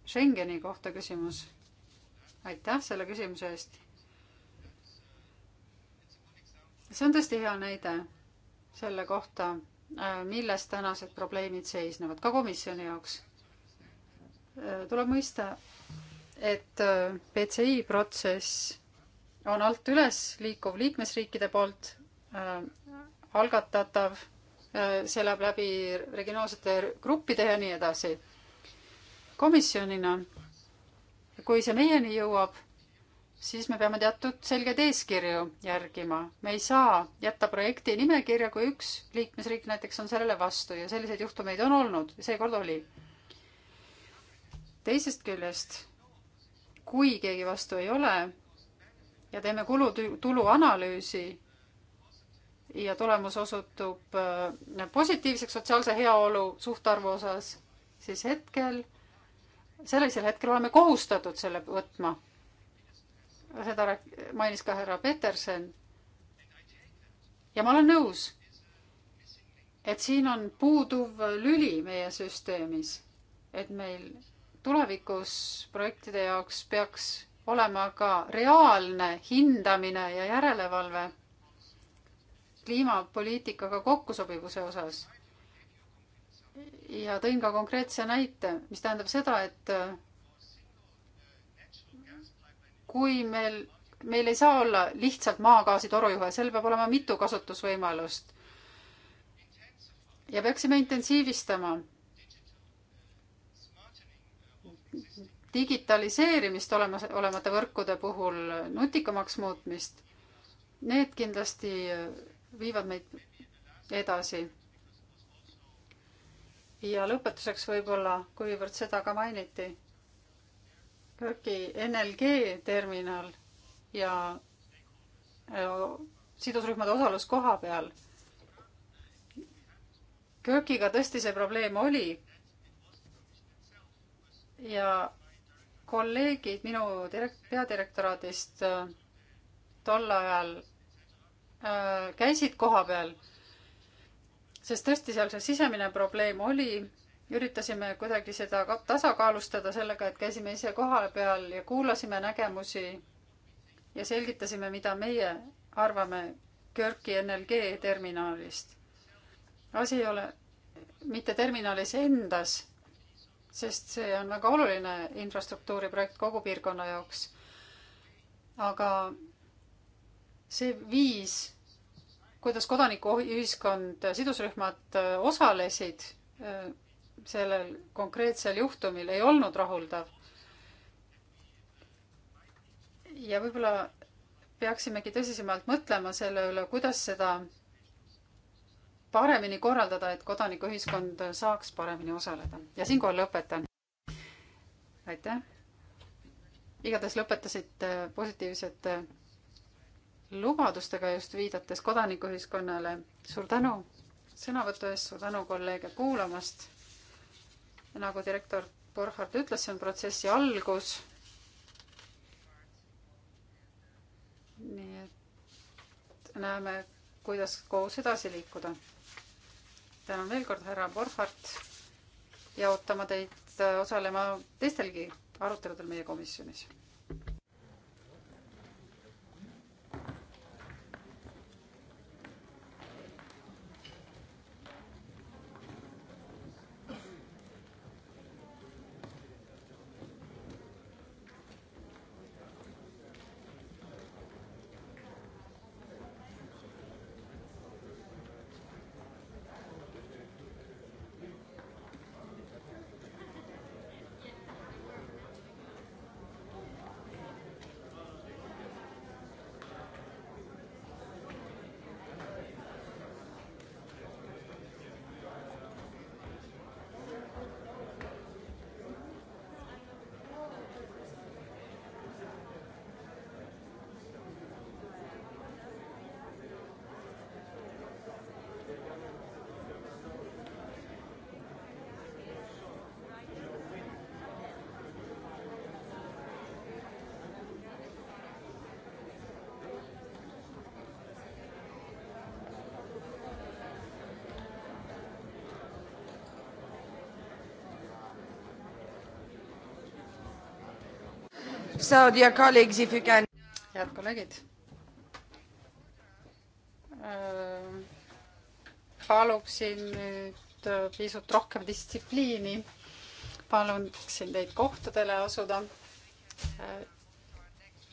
Schengeni kohta küsimus. aitäh selle küsimuse eest. see on tõesti hea näide selle kohta, äh, milles tänased probleemid seisnevad, ka komisjoni jaoks. Äh, tuleb mõista, et äh, BCI protsess on alt üles liikuv liikmesriikide poolt algatatav, see läheb läbi regionaalsete gruppide ja nii edasi. komisjonina, kui see meieni jõuab siis me peame teatud selgeid eeskirju järgima. me ei saa jätta projekti nimekirja, kui üks liikmesriik näiteks on sellele vastu ja selliseid juhtumeid on olnud, seekord oli. teisest küljest, kui keegi vastu ei ole ja teeme kulu-tulu analüüsi ja tulemus osutub äh, positiivseks sotsiaalse heaolu suhtarvu osas, siis hetkel, sellisel hetkel oleme kohustatud selle võtma seda mainis ka härra Peterson. ja ma olen nõus, et siin on puuduv lüli meie süsteemis, et meil tulevikus projektide jaoks peaks olema ka reaalne hindamine ja järelevalve kliimapoliitikaga kokkusobivuse osas. ja tõin ka konkreetse näite, mis tähendab seda, et kui meil, meil ei saa olla lihtsalt maagaasi torujuhe, seal peab olema mitu kasutusvõimalust. ja peaksime intensiivistama digitaliseerimist olemas, olemata võrkude puhul, nutikamaks muutmist. Need kindlasti viivad meid edasi. ja lõpetuseks võib-olla, kuivõrd seda ka mainiti Höki NLG terminal ja äh, sidusrühmade osalus koha peal. köökiga tõesti see probleem oli. ja kolleegid minu direkt-, peadirektoraadist äh, tol ajal äh, käisid koha peal, sest tõesti seal see sisemine probleem oli üritasime kuidagi seda tasakaalustada sellega, et käisime ise kohal peal ja kuulasime nägemusi ja selgitasime, mida meie arvame Körki NLG terminalist. asi ei ole mitte terminalis endas, sest see on väga oluline infrastruktuuriprojekt kogu piirkonna jaoks. aga see viis, kuidas kodanikuühiskond, sidusrühmad osalesid sellel konkreetsel juhtumil ei olnud rahuldav. ja võib-olla peaksimegi tõsisemalt mõtlema selle üle, kuidas seda paremini korraldada, et kodanikuühiskond saaks paremini osaleda ja siinkohal lõpetan. aitäh. igatahes lõpetasite positiivsete lubadustega just viidates kodanikuühiskonnale. suur tänu sõnavõtu eest, suur tänu kolleege kuulamast nagu direktor Borchardt ütles, see on protsessi algus. nii et näeme, kuidas koos edasi liikuda. tänan veel kord, härra Borchardt ja ootama teid äh, osalema teistelgi aruteludel meie komisjonis So dear colleagues, if you can. head kolleegid. Ähm, paluksin nüüd äh, pisut rohkem distsipliini. paluksin teid kohtadele asuda. Äh,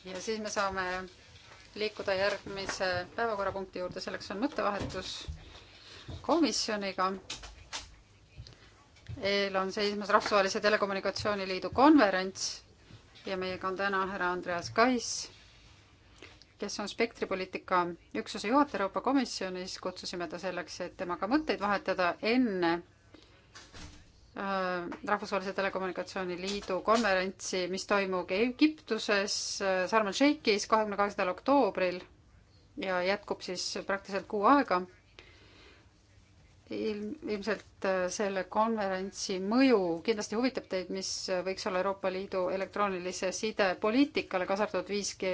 ja siis me saame liikuda järgmise päevakorrapunkti juurde, selleks on mõttevahetus komisjoniga eel on seismas Rahvusvahelise Telekommunikatsiooni Liidu konverents ja meiega on täna härra Andreas Kais, kes on spektripoliitika üksuse juhataja Euroopa Komisjonis, kutsusime ta selleks, et temaga mõtteid vahetada enne äh, Rahvusvahelise Telekommunikatsiooni Liidu konverentsi, mis toimub Egiptuses äh, Sharm el Sheikhis kahekümne kaheksandal oktoobril ja jätkub siis praktiliselt kuu aega ilm, ilmselt äh, selle konverentsi mõju kindlasti huvitab teid, mis äh, võiks olla Euroopa Liidu elektroonilise side poliitikale, kaasa arvatud 5G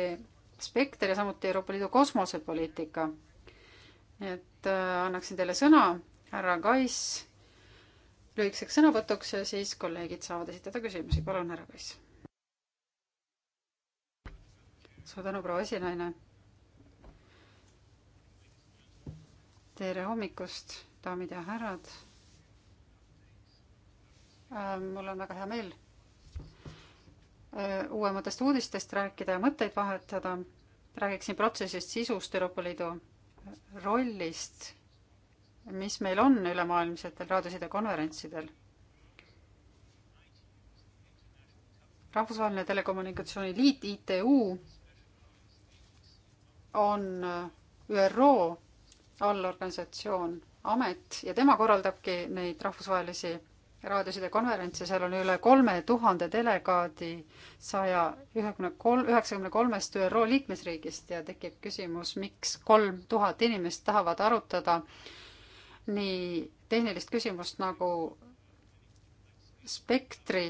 spekter ja samuti Euroopa Liidu kosmosepoliitika. et äh, annaksin teile sõna, härra Kais, lühikeseks sõnavõtuks ja siis kolleegid saavad esitada küsimusi. palun, härra Kais. suur tänu, proua esinaine. tere hommikust daamid ja härrad. Äh, mul on väga hea meel äh, uuematest uudistest rääkida ja mõtteid vahetada. räägiksin protsessist, sisust, Euroopa Liidu rollist, mis meil on ülemaailmsetel raadioside konverentsidel. rahvusvaheline Telekommunikatsiooni Liit, ITU, on äh, ÜRO allorganisatsioon amet ja tema korraldabki neid rahvusvahelisi raadiosidekonverentse, seal on üle kolme tuhande delegaadi saja ühekümne kolm, üheksakümne kolmest ÜRO liikmesriigist ja tekib küsimus, miks kolm tuhat inimest tahavad arutada nii tehnilist küsimust nagu spektri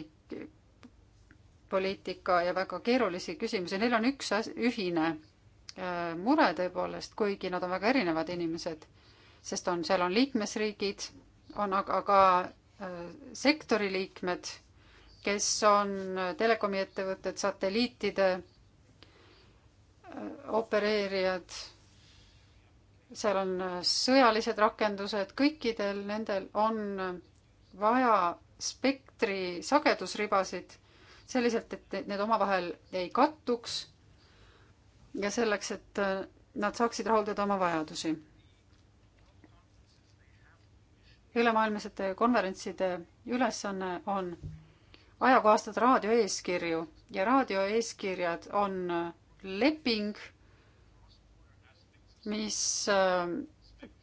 poliitika ja väga keerulisi küsimusi, neil on üks ühine äh, mure tõepoolest, kuigi nad on väga erinevad inimesed sest on, seal on liikmesriigid, on aga ka äh, sektori liikmed, kes on äh, telekomiettevõtted, satelliitide äh, opereerijad, seal on sõjalised rakendused, kõikidel nendel on vaja spektri sagedusribasid selliselt, et need omavahel ei kattuks ja selleks, et nad saaksid rahuldada oma vajadusi ülemaailmsete konverentside ülesanne on ajakohastada raadioeeskirju ja raadioeeskirjad on leping, mis äh,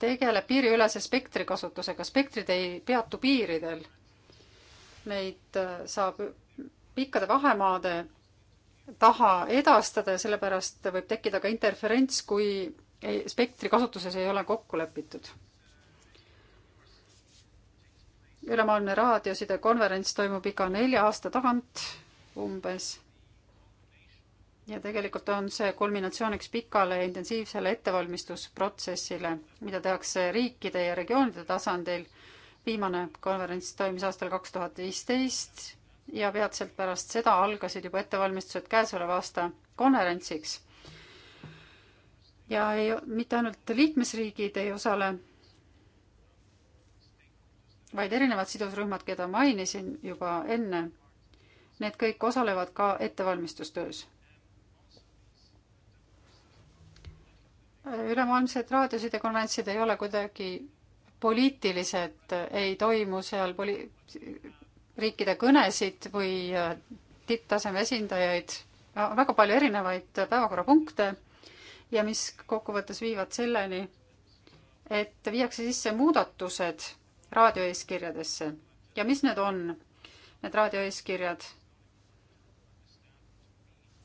tegeleb piiriülese spektri kasutusega, spektrid ei peatu piiridel. Neid äh, saab pikkade vahemaade taha edastada ja sellepärast võib tekkida ka interferents, kui spektri kasutuses ei ole kokku lepitud ülemaailmne raadiosidekonverents toimub iga nelja aasta tagant umbes. ja tegelikult on see kulminatsiooniks pikale ja intensiivsele ettevalmistusprotsessile, mida tehakse riikide ja regioonide tasandil. viimane konverents toimis aastal kaks tuhat viisteist ja peatselt pärast seda algasid juba ettevalmistused käesoleva aasta konverentsiks. ja ei, mitte ainult liikmesriigid ei osale vaid erinevad sidusrühmad, keda mainisin juba enne. Need kõik osalevad ka ettevalmistustöös. ülemaailmsed raadiosidekonverentsid ei ole kuidagi poliitilised, ei toimu seal poli-, riikide kõnesid või äh, tipptaseme esindajaid, äh, väga palju erinevaid päevakorrapunkte ja mis kokkuvõttes viivad selleni, et viiakse sisse muudatused raadioeeskirjadesse. ja mis need on, need raadioeeskirjad?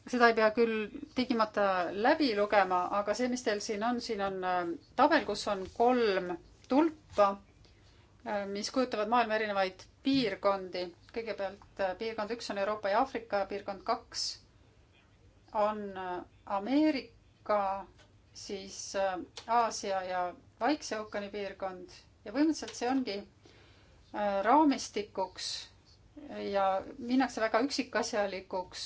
seda ei pea küll tingimata läbi lugema, aga see, mis teil siin on, siin on äh, tabel, kus on kolm tulpa, äh, mis kujutavad maailma erinevaid piirkondi. kõigepealt äh, piirkond üks on Euroopa ja Aafrika, piirkond kaks on Ameerika, siis Aasia ja Vaikse ookeani piirkond ja põhimõtteliselt see ongi äh, raamistikuks ja minnakse väga üksikasjalikuks,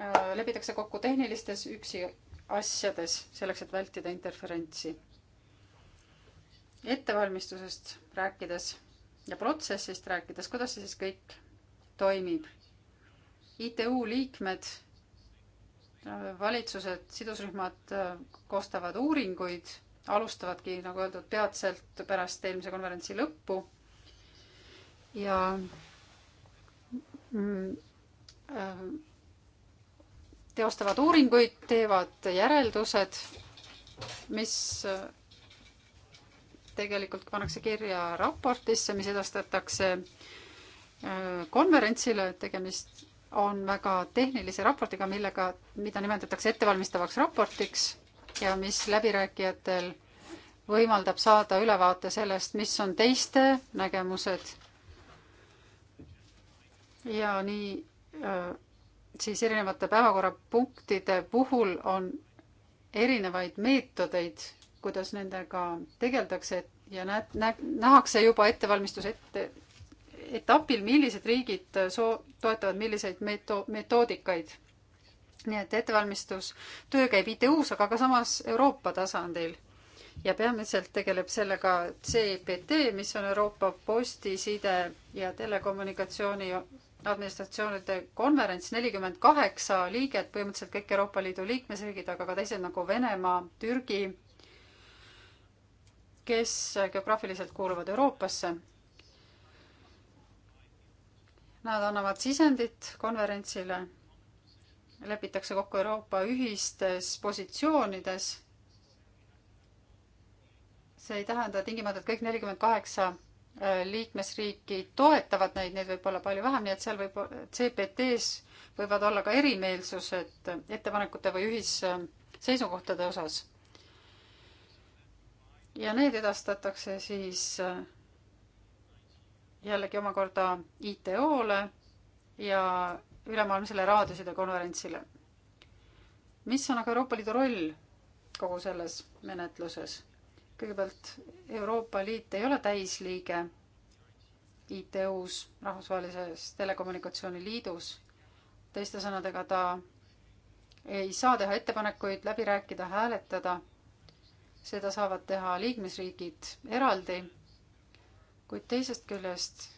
äh, lepitakse kokku tehnilistes üksiasjades, selleks et vältida interferentsi. ettevalmistusest rääkides ja protsessist rääkides, kuidas see siis kõik toimib. ITU liikmed, äh, valitsused, sidusrühmad koostavad uuringuid alustavadki, nagu öeldud, peatselt pärast eelmise konverentsi lõppu. ja mm, äh, teostavad uuringuid, teevad järeldused, mis äh, tegelikult pannakse kirja raportisse, mis edastatakse äh, konverentsile, tegemist on väga tehnilise raportiga, millega, mida nimetatakse ettevalmistavaks raportiks ja mis läbirääkijatel võimaldab saada ülevaate sellest, mis on teiste nägemused. ja nii äh, siis erinevate päevakorrapunktide puhul on erinevaid meetodeid, kuidas nendega tegeldakse ja näed, näe-, nähakse juba ettevalmistus ette, etapil, millised riigid äh, soo-, toetavad milliseid meto-, metoodikaid nii et ettevalmistustöö käib ITU-s, aga ka samas Euroopa tasandil. ja peamiselt tegeleb sellega CPT, mis on Euroopa postiside ja telekommunikatsiooni administratsioonide konverents, nelikümmend kaheksa liiget, põhimõtteliselt kõik Euroopa Liidu liikmesriigid, aga ka teised nagu Venemaa, Türgi, kes geograafiliselt kuuluvad Euroopasse. Nad annavad sisendit konverentsile lepitakse kokku Euroopa ühistes positsioonides. see ei tähenda tingimata, et kõik nelikümmend kaheksa äh, liikmesriiki toetavad neid, neid võib olla palju vähem, nii et seal võib CPT-s võivad olla ka erimeelsused ettepanekute või ühisseisukohtade osas. ja need edastatakse siis äh, jällegi omakorda ITO-le ja ülemaailmsele raadioside konverentsile. mis on aga Euroopa Liidu roll kogu selles menetluses? kõigepealt Euroopa Liit ei ole täisliige ITU-s, Rahvusvahelises Telekommunikatsiooni Liidus. teiste sõnadega, ta ei saa teha ettepanekuid, läbi rääkida, hääletada. seda saavad teha liikmesriigid eraldi. kuid teisest küljest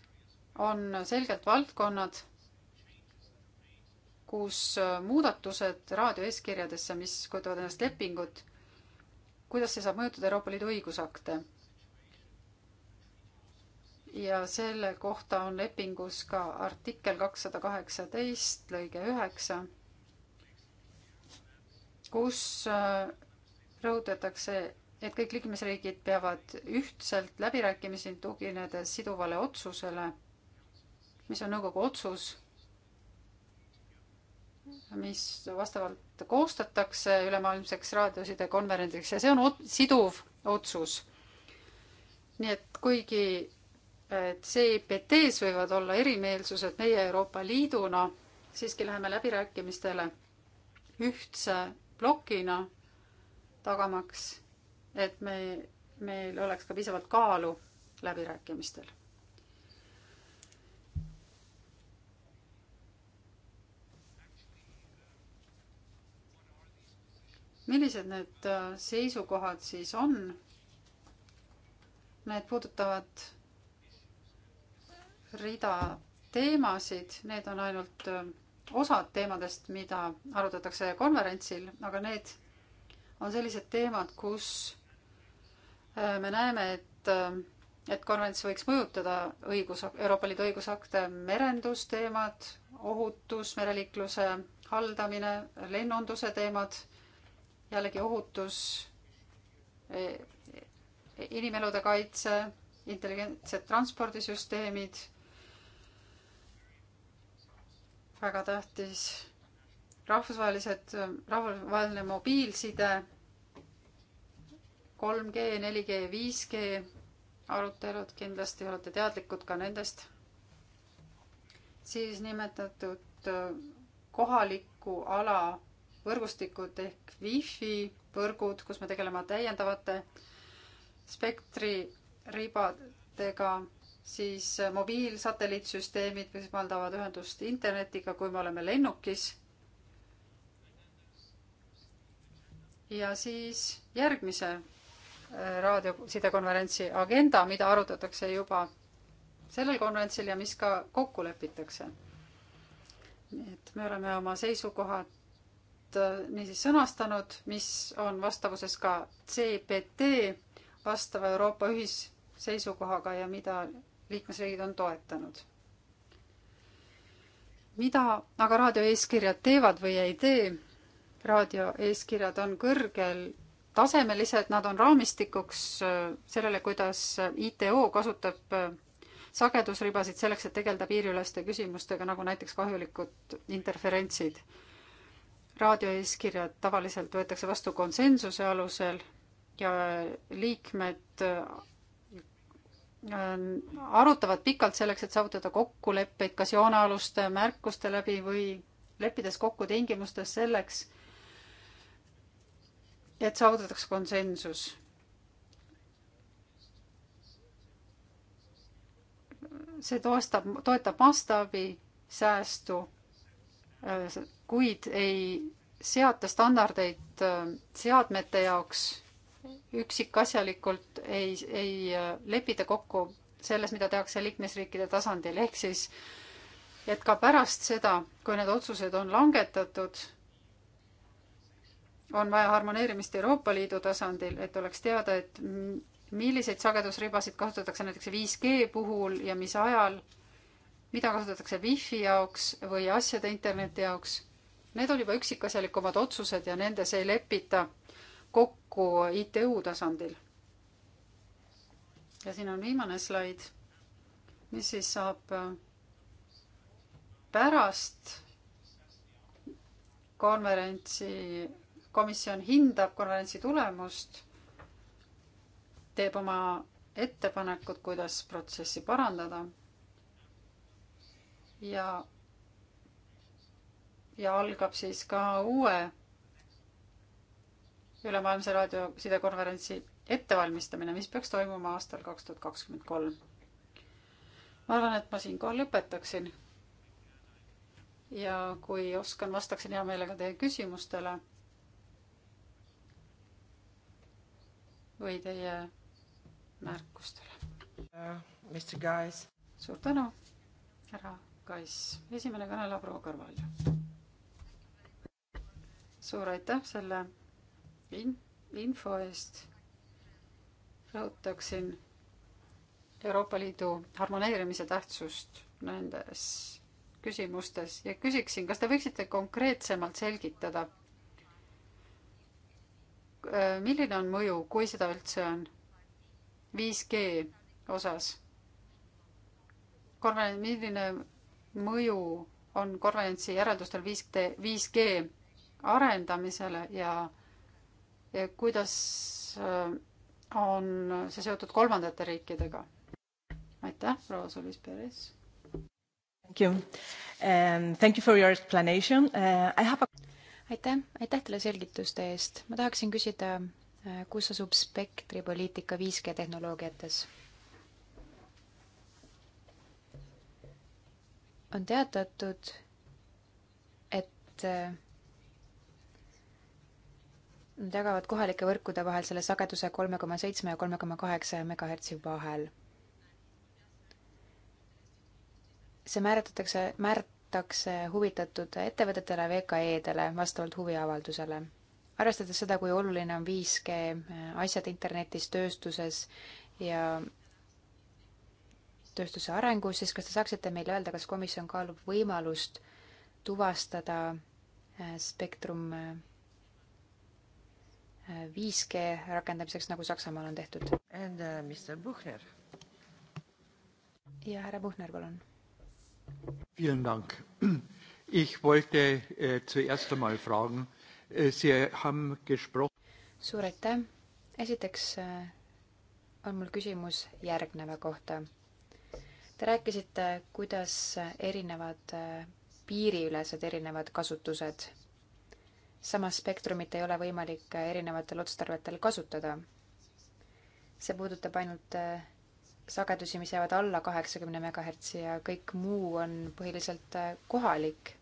on selgelt valdkonnad kus äh, muudatused raadioeeskirjadesse, mis kujutavad ennast lepingut, kuidas see saab mõjutada Euroopa Liidu õigusakte? ja selle kohta on lepingus ka artikkel kakssada kaheksateist lõige üheksa, kus äh, rõhutatakse, et kõik liikmesriigid peavad ühtselt läbirääkimisi tuginedes siduvale otsusele, mis on nõukogu otsus mis vastavalt koostatakse ülemaailmseks raadioside konverentsiks ja see on ot siduv otsus. nii et kuigi CIPT-s võivad olla erimeelsused meie Euroopa Liiduna, siiski läheme läbirääkimistele ühtse plokina, tagamaks, et me, meil oleks ka piisavalt kaalu läbirääkimistel millised need äh, seisukohad siis on? Need puudutavad rida teemasid, need on ainult äh, osad teemadest, mida arutatakse konverentsil, aga need on sellised teemad, kus äh, me näeme, et, et konverents võiks mõjutada õigus, Euroopa Liidu õigusakte, merendusteemad, ohutus, mereliikluse haldamine, lennunduse teemad jällegi ohutus, e, e, inimelude kaitse, intelligentsed transpordisüsteemid. väga tähtis rahvusvahelised, rahvusvaheline mobiilside, 3G, 4G, 5G arutelud, kindlasti olete teadlikud ka nendest. siis nimetatud kohaliku ala võrgustikud ehk wifi võrgud, kus me tegeleme täiendavate spektriribadega, siis mobiilsatelliitsüsteemid, mis valdavad ühendust internetiga, kui me oleme lennukis. ja siis järgmise äh, raadiosidekonverentsi agenda, mida arutatakse juba sellel konverentsil ja mis ka kokku lepitakse. nii et me oleme oma seisukohad Äh, niisiis sõnastanud, mis on vastavuses ka CPT vastava Euroopa ühisseisukohaga ja mida liikmesriigid on toetanud. mida aga raadioeeskirjad teevad või ei tee? raadioeeskirjad on kõrgel tasemelised, nad on raamistikuks äh, sellele, kuidas ITO kasutab äh, sagedusribasid selleks, et tegeleda piiriüleste küsimustega, nagu näiteks kahjulikud interferentsid raadioeeskirjad tavaliselt võetakse vastu konsensuse alusel ja liikmed äh, arutavad pikalt selleks, et saavutada kokkuleppeid kas joonealuste märkuste läbi või leppides kokku tingimustes selleks, et saavutatakse konsensus. see toestab, toetab mastaabi säästu äh, kuid ei seata standardeid äh, seadmete jaoks üksikasjalikult, ei, ei äh, lepita kokku selles, mida tehakse liikmesriikide tasandil, ehk siis et ka pärast seda, kui need otsused on langetatud, on vaja harmoneerimist Euroopa Liidu tasandil, et oleks teada, et milliseid sagedusribasid kasutatakse näiteks 5G puhul ja mis ajal, mida kasutatakse wifi jaoks või asjade interneti jaoks Need on juba üksikasjalikumad otsused ja nendes ei lepita kokku ITU tasandil. ja siin on viimane slaid, mis siis saab äh, pärast konverentsi, komisjon hindab konverentsi tulemust, teeb oma ettepanekud, kuidas protsessi parandada ja ja algab siis ka uue ülemaailmse raadiosidekonverentsi ettevalmistamine, mis peaks toimuma aastal kaks tuhat kakskümmend kolm. ma arvan, et ma siinkohal lõpetaksin. ja kui oskan, vastaksin hea meelega teie küsimustele. või teie märkustele uh,. suur tänu, härra Kais, esimene kõneleja proua Kõrval suur aitäh selle in-, info eest. rõhutaksin Euroopa Liidu harmoneerimise tähtsust nendes küsimustes ja küsiksin, kas te võiksite konkreetsemalt selgitada, milline on mõju, kui seda üldse on, 5G osas? konverents, milline mõju on konverentsi järeldustel 5G, 5G arendamisele ja, ja kuidas äh, on see seotud kolmandate riikidega? aitäh, proua Solis-Peres. Thank you um,. Thank you for your explanation uh,. I have a. aitäh, aitäh teile selgituste eest. ma tahaksin küsida, äh, kus asub spektripoliitika 5G tehnoloogiates? on teatatud, et äh, Nad jagavad kohalike võrkude vahel selle sageduse kolme koma seitsme ja kolme koma kaheksa megahertsi vahel. see määratletakse, määratakse huvitatud ettevõtetele, VKE-dele vastavalt huviavaldusele. arvestades seda, kui oluline on 5G äh, asjad internetis, tööstuses ja tööstuse arengus, siis kas te saaksite meile öelda, kas komisjon kaalub võimalust tuvastada äh, spektrum äh, 5G rakendamiseks, nagu Saksamaal on tehtud. Uh, ja härra Buchner, palun. Vielen Dank. Ich wollte äh, zuerst einmal fragen, äh, Sie haben gesprochen. suur aitäh. esiteks äh, on mul küsimus järgneva kohta. Te rääkisite, kuidas erinevad äh, piiriülesed erinevad kasutused samas spektrumit ei ole võimalik äh, erinevatel otstarvetel kasutada. see puudutab ainult äh, sagedusi, mis jäävad alla kaheksakümne megahertsi ja kõik muu on põhiliselt äh, kohalik.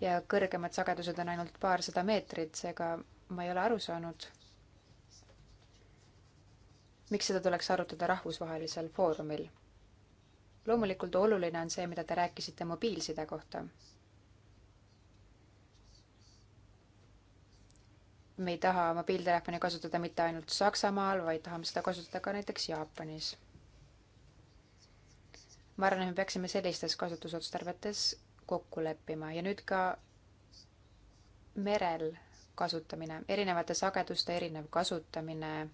ja kõrgemad sagedused on ainult paarsada meetrit, seega ma ei ole aru saanud, miks seda tuleks arutada rahvusvahelisel foorumil. loomulikult oluline on see, mida te rääkisite mobiilside kohta me ei taha mobiiltelefoni kasutada mitte ainult Saksamaal, vaid tahame seda kasutada ka näiteks Jaapanis. ma arvan, et me peaksime sellistes kasutusotstarvetes kokku leppima ja nüüd ka merel kasutamine, erinevate sageduste erinev kasutamine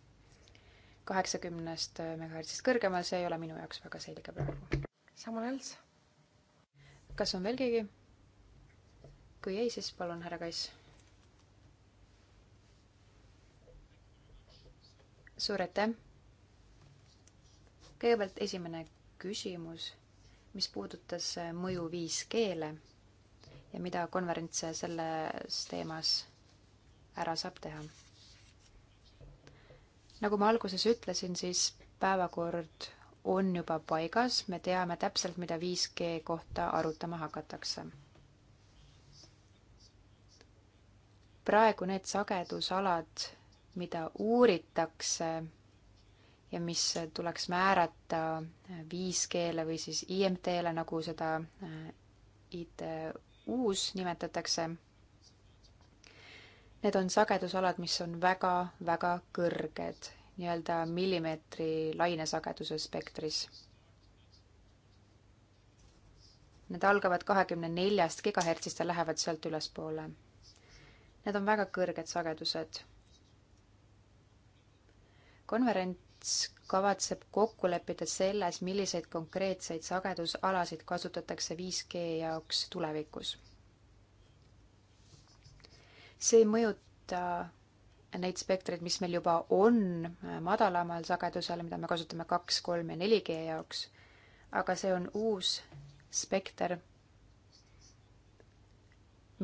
kaheksakümnest megahertsist kõrgemal, see ei ole minu jaoks väga selge praegu. Someone else? kas on veel keegi? kui ei, siis palun, härra Kass suur aitäh! kõigepealt esimene küsimus, mis puudutas äh, mõju 5G-le ja mida konverents äh, selles teemas ära saab teha. nagu ma alguses ütlesin, siis päevakord on juba paigas, me teame täpselt, mida 5G kohta arutama hakatakse. praegu need sagedusalad mida uuritakse ja mis tuleks määrata 5G-le või siis IMT-le, nagu seda äh, IT-uus nimetatakse. Need on sagedusalad, mis on väga-väga kõrged, nii-öelda millimeetri lainesageduse spektris. Need algavad kahekümne neljast gigahertsist ja lähevad sealt ülespoole. Need on väga kõrged sagedused konverents kavatseb kokku leppida selles, milliseid konkreetseid sagedusalasid kasutatakse 5G jaoks tulevikus. see ei mõjuta neid spektreid, mis meil juba on madalamal sagedusel, mida me kasutame kaks, kolm ja 4G jaoks, aga see on uus spekter,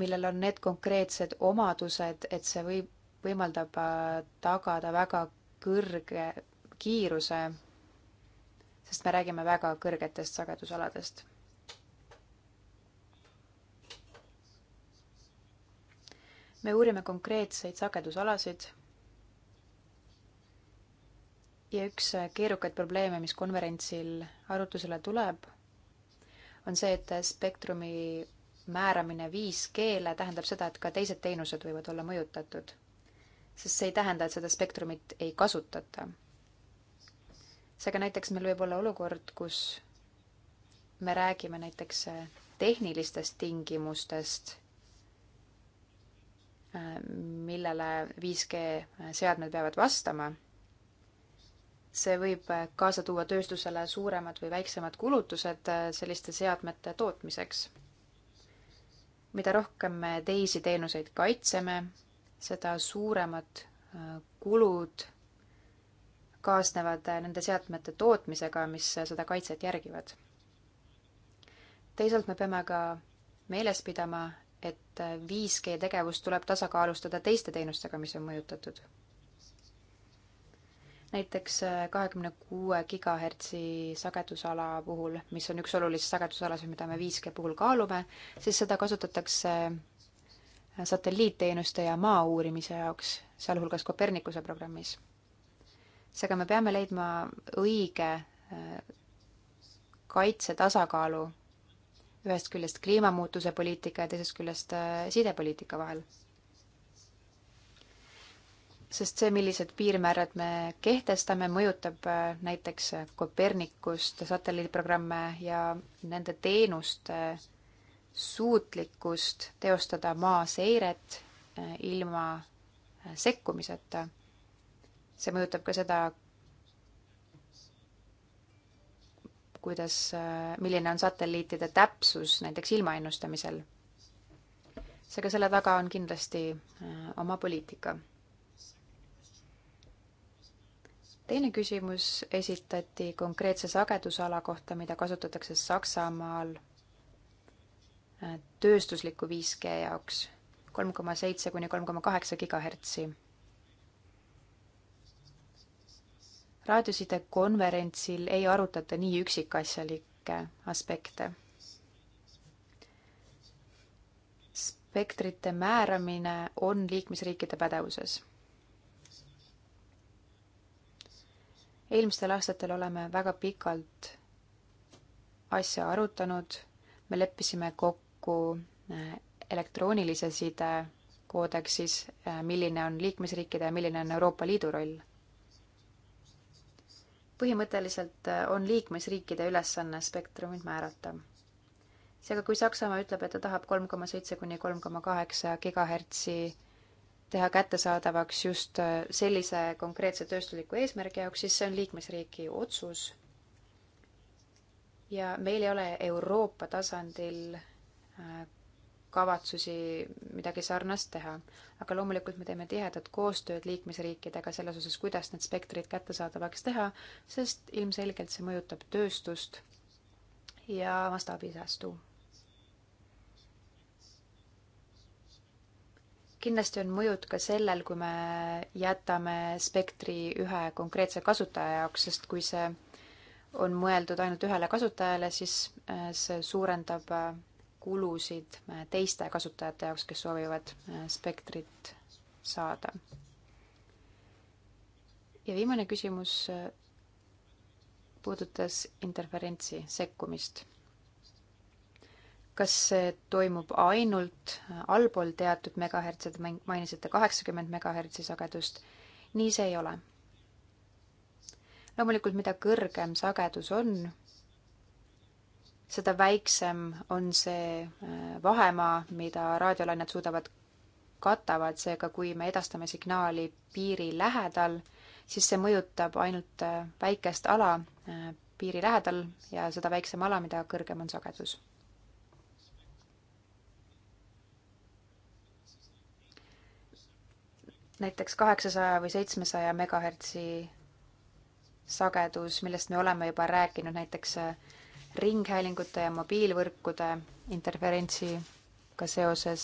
millel on need konkreetsed omadused, et see võib, võimaldab äh, tagada väga kõrge kiiruse, sest me räägime väga kõrgetest sagedusaladest. me uurime konkreetseid sagedusalasid ja üks keerukaid probleeme, mis konverentsil arutusele tuleb, on see, et spektrumi määramine 5G-le tähendab seda, et ka teised teenused võivad olla mõjutatud sest see ei tähenda, et seda spektrumit ei kasutata. seega näiteks meil võib olla olukord, kus me räägime näiteks äh, tehnilistest tingimustest, äh, millele 5G äh, seadmed peavad vastama. see võib kaasa tuua tööstusele suuremad või väiksemad kulutused selliste seadmete tootmiseks. mida rohkem me teisi teenuseid kaitseme, seda suuremad äh, kulud kaasnevad äh, nende seadmete tootmisega, mis äh, seda kaitset järgivad. teisalt me peame ka meeles pidama, et 5G tegevust tuleb tasakaalustada teiste teenustega, mis on mõjutatud. näiteks kahekümne kuue gigahertsi sagedusala puhul, mis on üks olulisi sagedusalasid, mida me 5G puhul kaalume, siis seda kasutatakse satelliitteenuste ja maa uurimise jaoks, sealhulgas Kopernikuse programmis. seega me peame leidma õige äh, kaitsetasakaalu ühest küljest kliimamuutuse poliitika ja teisest küljest äh, sidepoliitika vahel. sest see, millised piirmäärad me kehtestame, mõjutab äh, näiteks Kopernikust, satelliitprogramme ja nende teenuste suutlikkust teostada maaseiret äh, ilma äh, sekkumiseta. see mõjutab ka seda, kuidas, äh, milline on satelliitide täpsus näiteks ilma ennustamisel. seega selle taga on kindlasti oma poliitika. teine küsimus esitati konkreetse sagedusala kohta, mida kasutatakse Saksamaal tööstusliku 5G jaoks kolm koma seitse kuni kolm koma kaheksa gigahertsi. raadioside konverentsil ei arutata nii üksikasjalikke aspekte. spektrite määramine on liikmesriikide pädevuses. eelmistel aastatel oleme väga pikalt asja arutanud, me leppisime kokku, kokku äh, elektroonilise side koodeksis, äh, milline on liikmesriikide ja milline on Euroopa Liidu roll. põhimõtteliselt äh, on liikmesriikide ülesanne spektrumit määrata. seega, kui Saksamaa ütleb, et ta tahab kolm koma seitse kuni kolm koma kaheksa gigahertsi teha kättesaadavaks just sellise konkreetse tööstusliku eesmärgi jaoks, siis see on liikmesriigi otsus. ja meil ei ole Euroopa tasandil kavatsusi midagi sarnast teha. aga loomulikult me teeme tihedat koostööd liikmesriikidega selles osas, kuidas need spektrid kättesaadavaks teha, sest ilmselgelt see mõjutab tööstust ja mastaabisäästu. kindlasti on mõjud ka sellel, kui me jätame spektri ühe konkreetse kasutaja jaoks, sest kui see on mõeldud ainult ühele kasutajale, siis äh, see suurendab äh, kulusid äh, teiste kasutajate jaoks, kes soovivad äh, spektrit saada. ja viimane küsimus äh, puudutas interferentsi sekkumist. kas see toimub ainult allpool teatud megahertsi, te mainisite kaheksakümmend megahertsi sagedust, nii see ei ole. loomulikult, mida kõrgem sagedus on, seda väiksem on see äh, vahemaa, mida raadiolained suudavad katavad, seega kui me edastame signaali piiri lähedal, siis see mõjutab ainult äh, väikest ala äh, piiri lähedal ja seda väiksem ala, mida kõrgem on sagedus. näiteks kaheksasaja või seitsmesaja megahertsi sagedus, millest me oleme juba rääkinud näiteks ringhäälingute ja mobiilvõrkude interferentsiga seoses,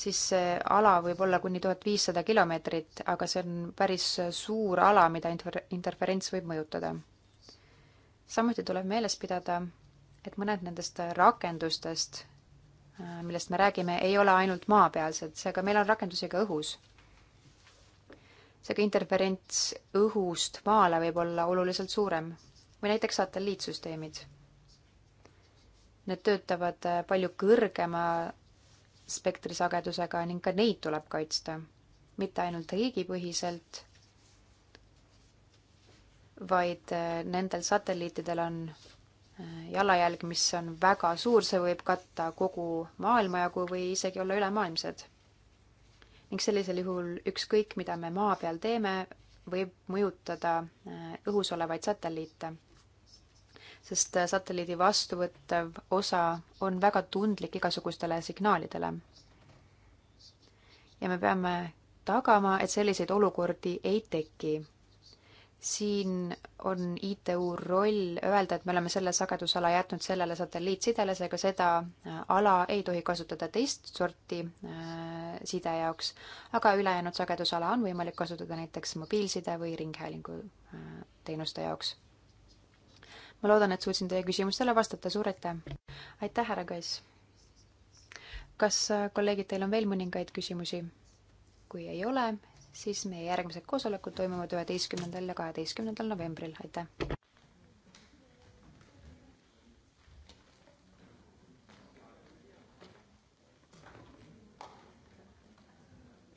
siis see ala võib olla kuni tuhat viissada kilomeetrit, aga see on päris suur ala, mida inter-, interferents võib mõjutada. samuti tuleb meeles pidada, et mõned nendest rakendustest, äh, millest me räägime, ei ole ainult maapealsed, seega meil on rakendusi ka õhus. seega interferents õhust maale võib olla oluliselt suurem või näiteks satelliitsüsteemid. Need töötavad äh, palju kõrgema spektrisagedusega ning ka neid tuleb kaitsta, mitte ainult riigipõhiselt, vaid äh, nendel satelliitidel on äh, jalajälg, mis on väga suur, see võib katta kogu maailmajagu või isegi olla ülemaailmsed. ning sellisel juhul ükskõik, mida me maa peal teeme, võib mõjutada õhus olevaid satelliite sest äh, satelliidi vastuvõttev osa on väga tundlik igasugustele signaalidele. ja me peame tagama, et selliseid olukordi ei teki. siin on ITU roll öelda, et me oleme selle sagedusala jätnud sellele satelliitsidele, seega seda äh, ala ei tohi kasutada teist sorti äh, side jaoks, aga ülejäänud sagedusala on võimalik kasutada näiteks mobiilside või ringhäälingu äh, teenuste jaoks ma loodan, et suutsin teie küsimustele vastata, suur aitäh! aitäh, härra Kass! kas äh, kolleegid, teil on veel mõningaid küsimusi? kui ei ole, siis meie järgmised koosolekud toimuvad üheteistkümnendal ja kaheteistkümnendal novembril, aitäh!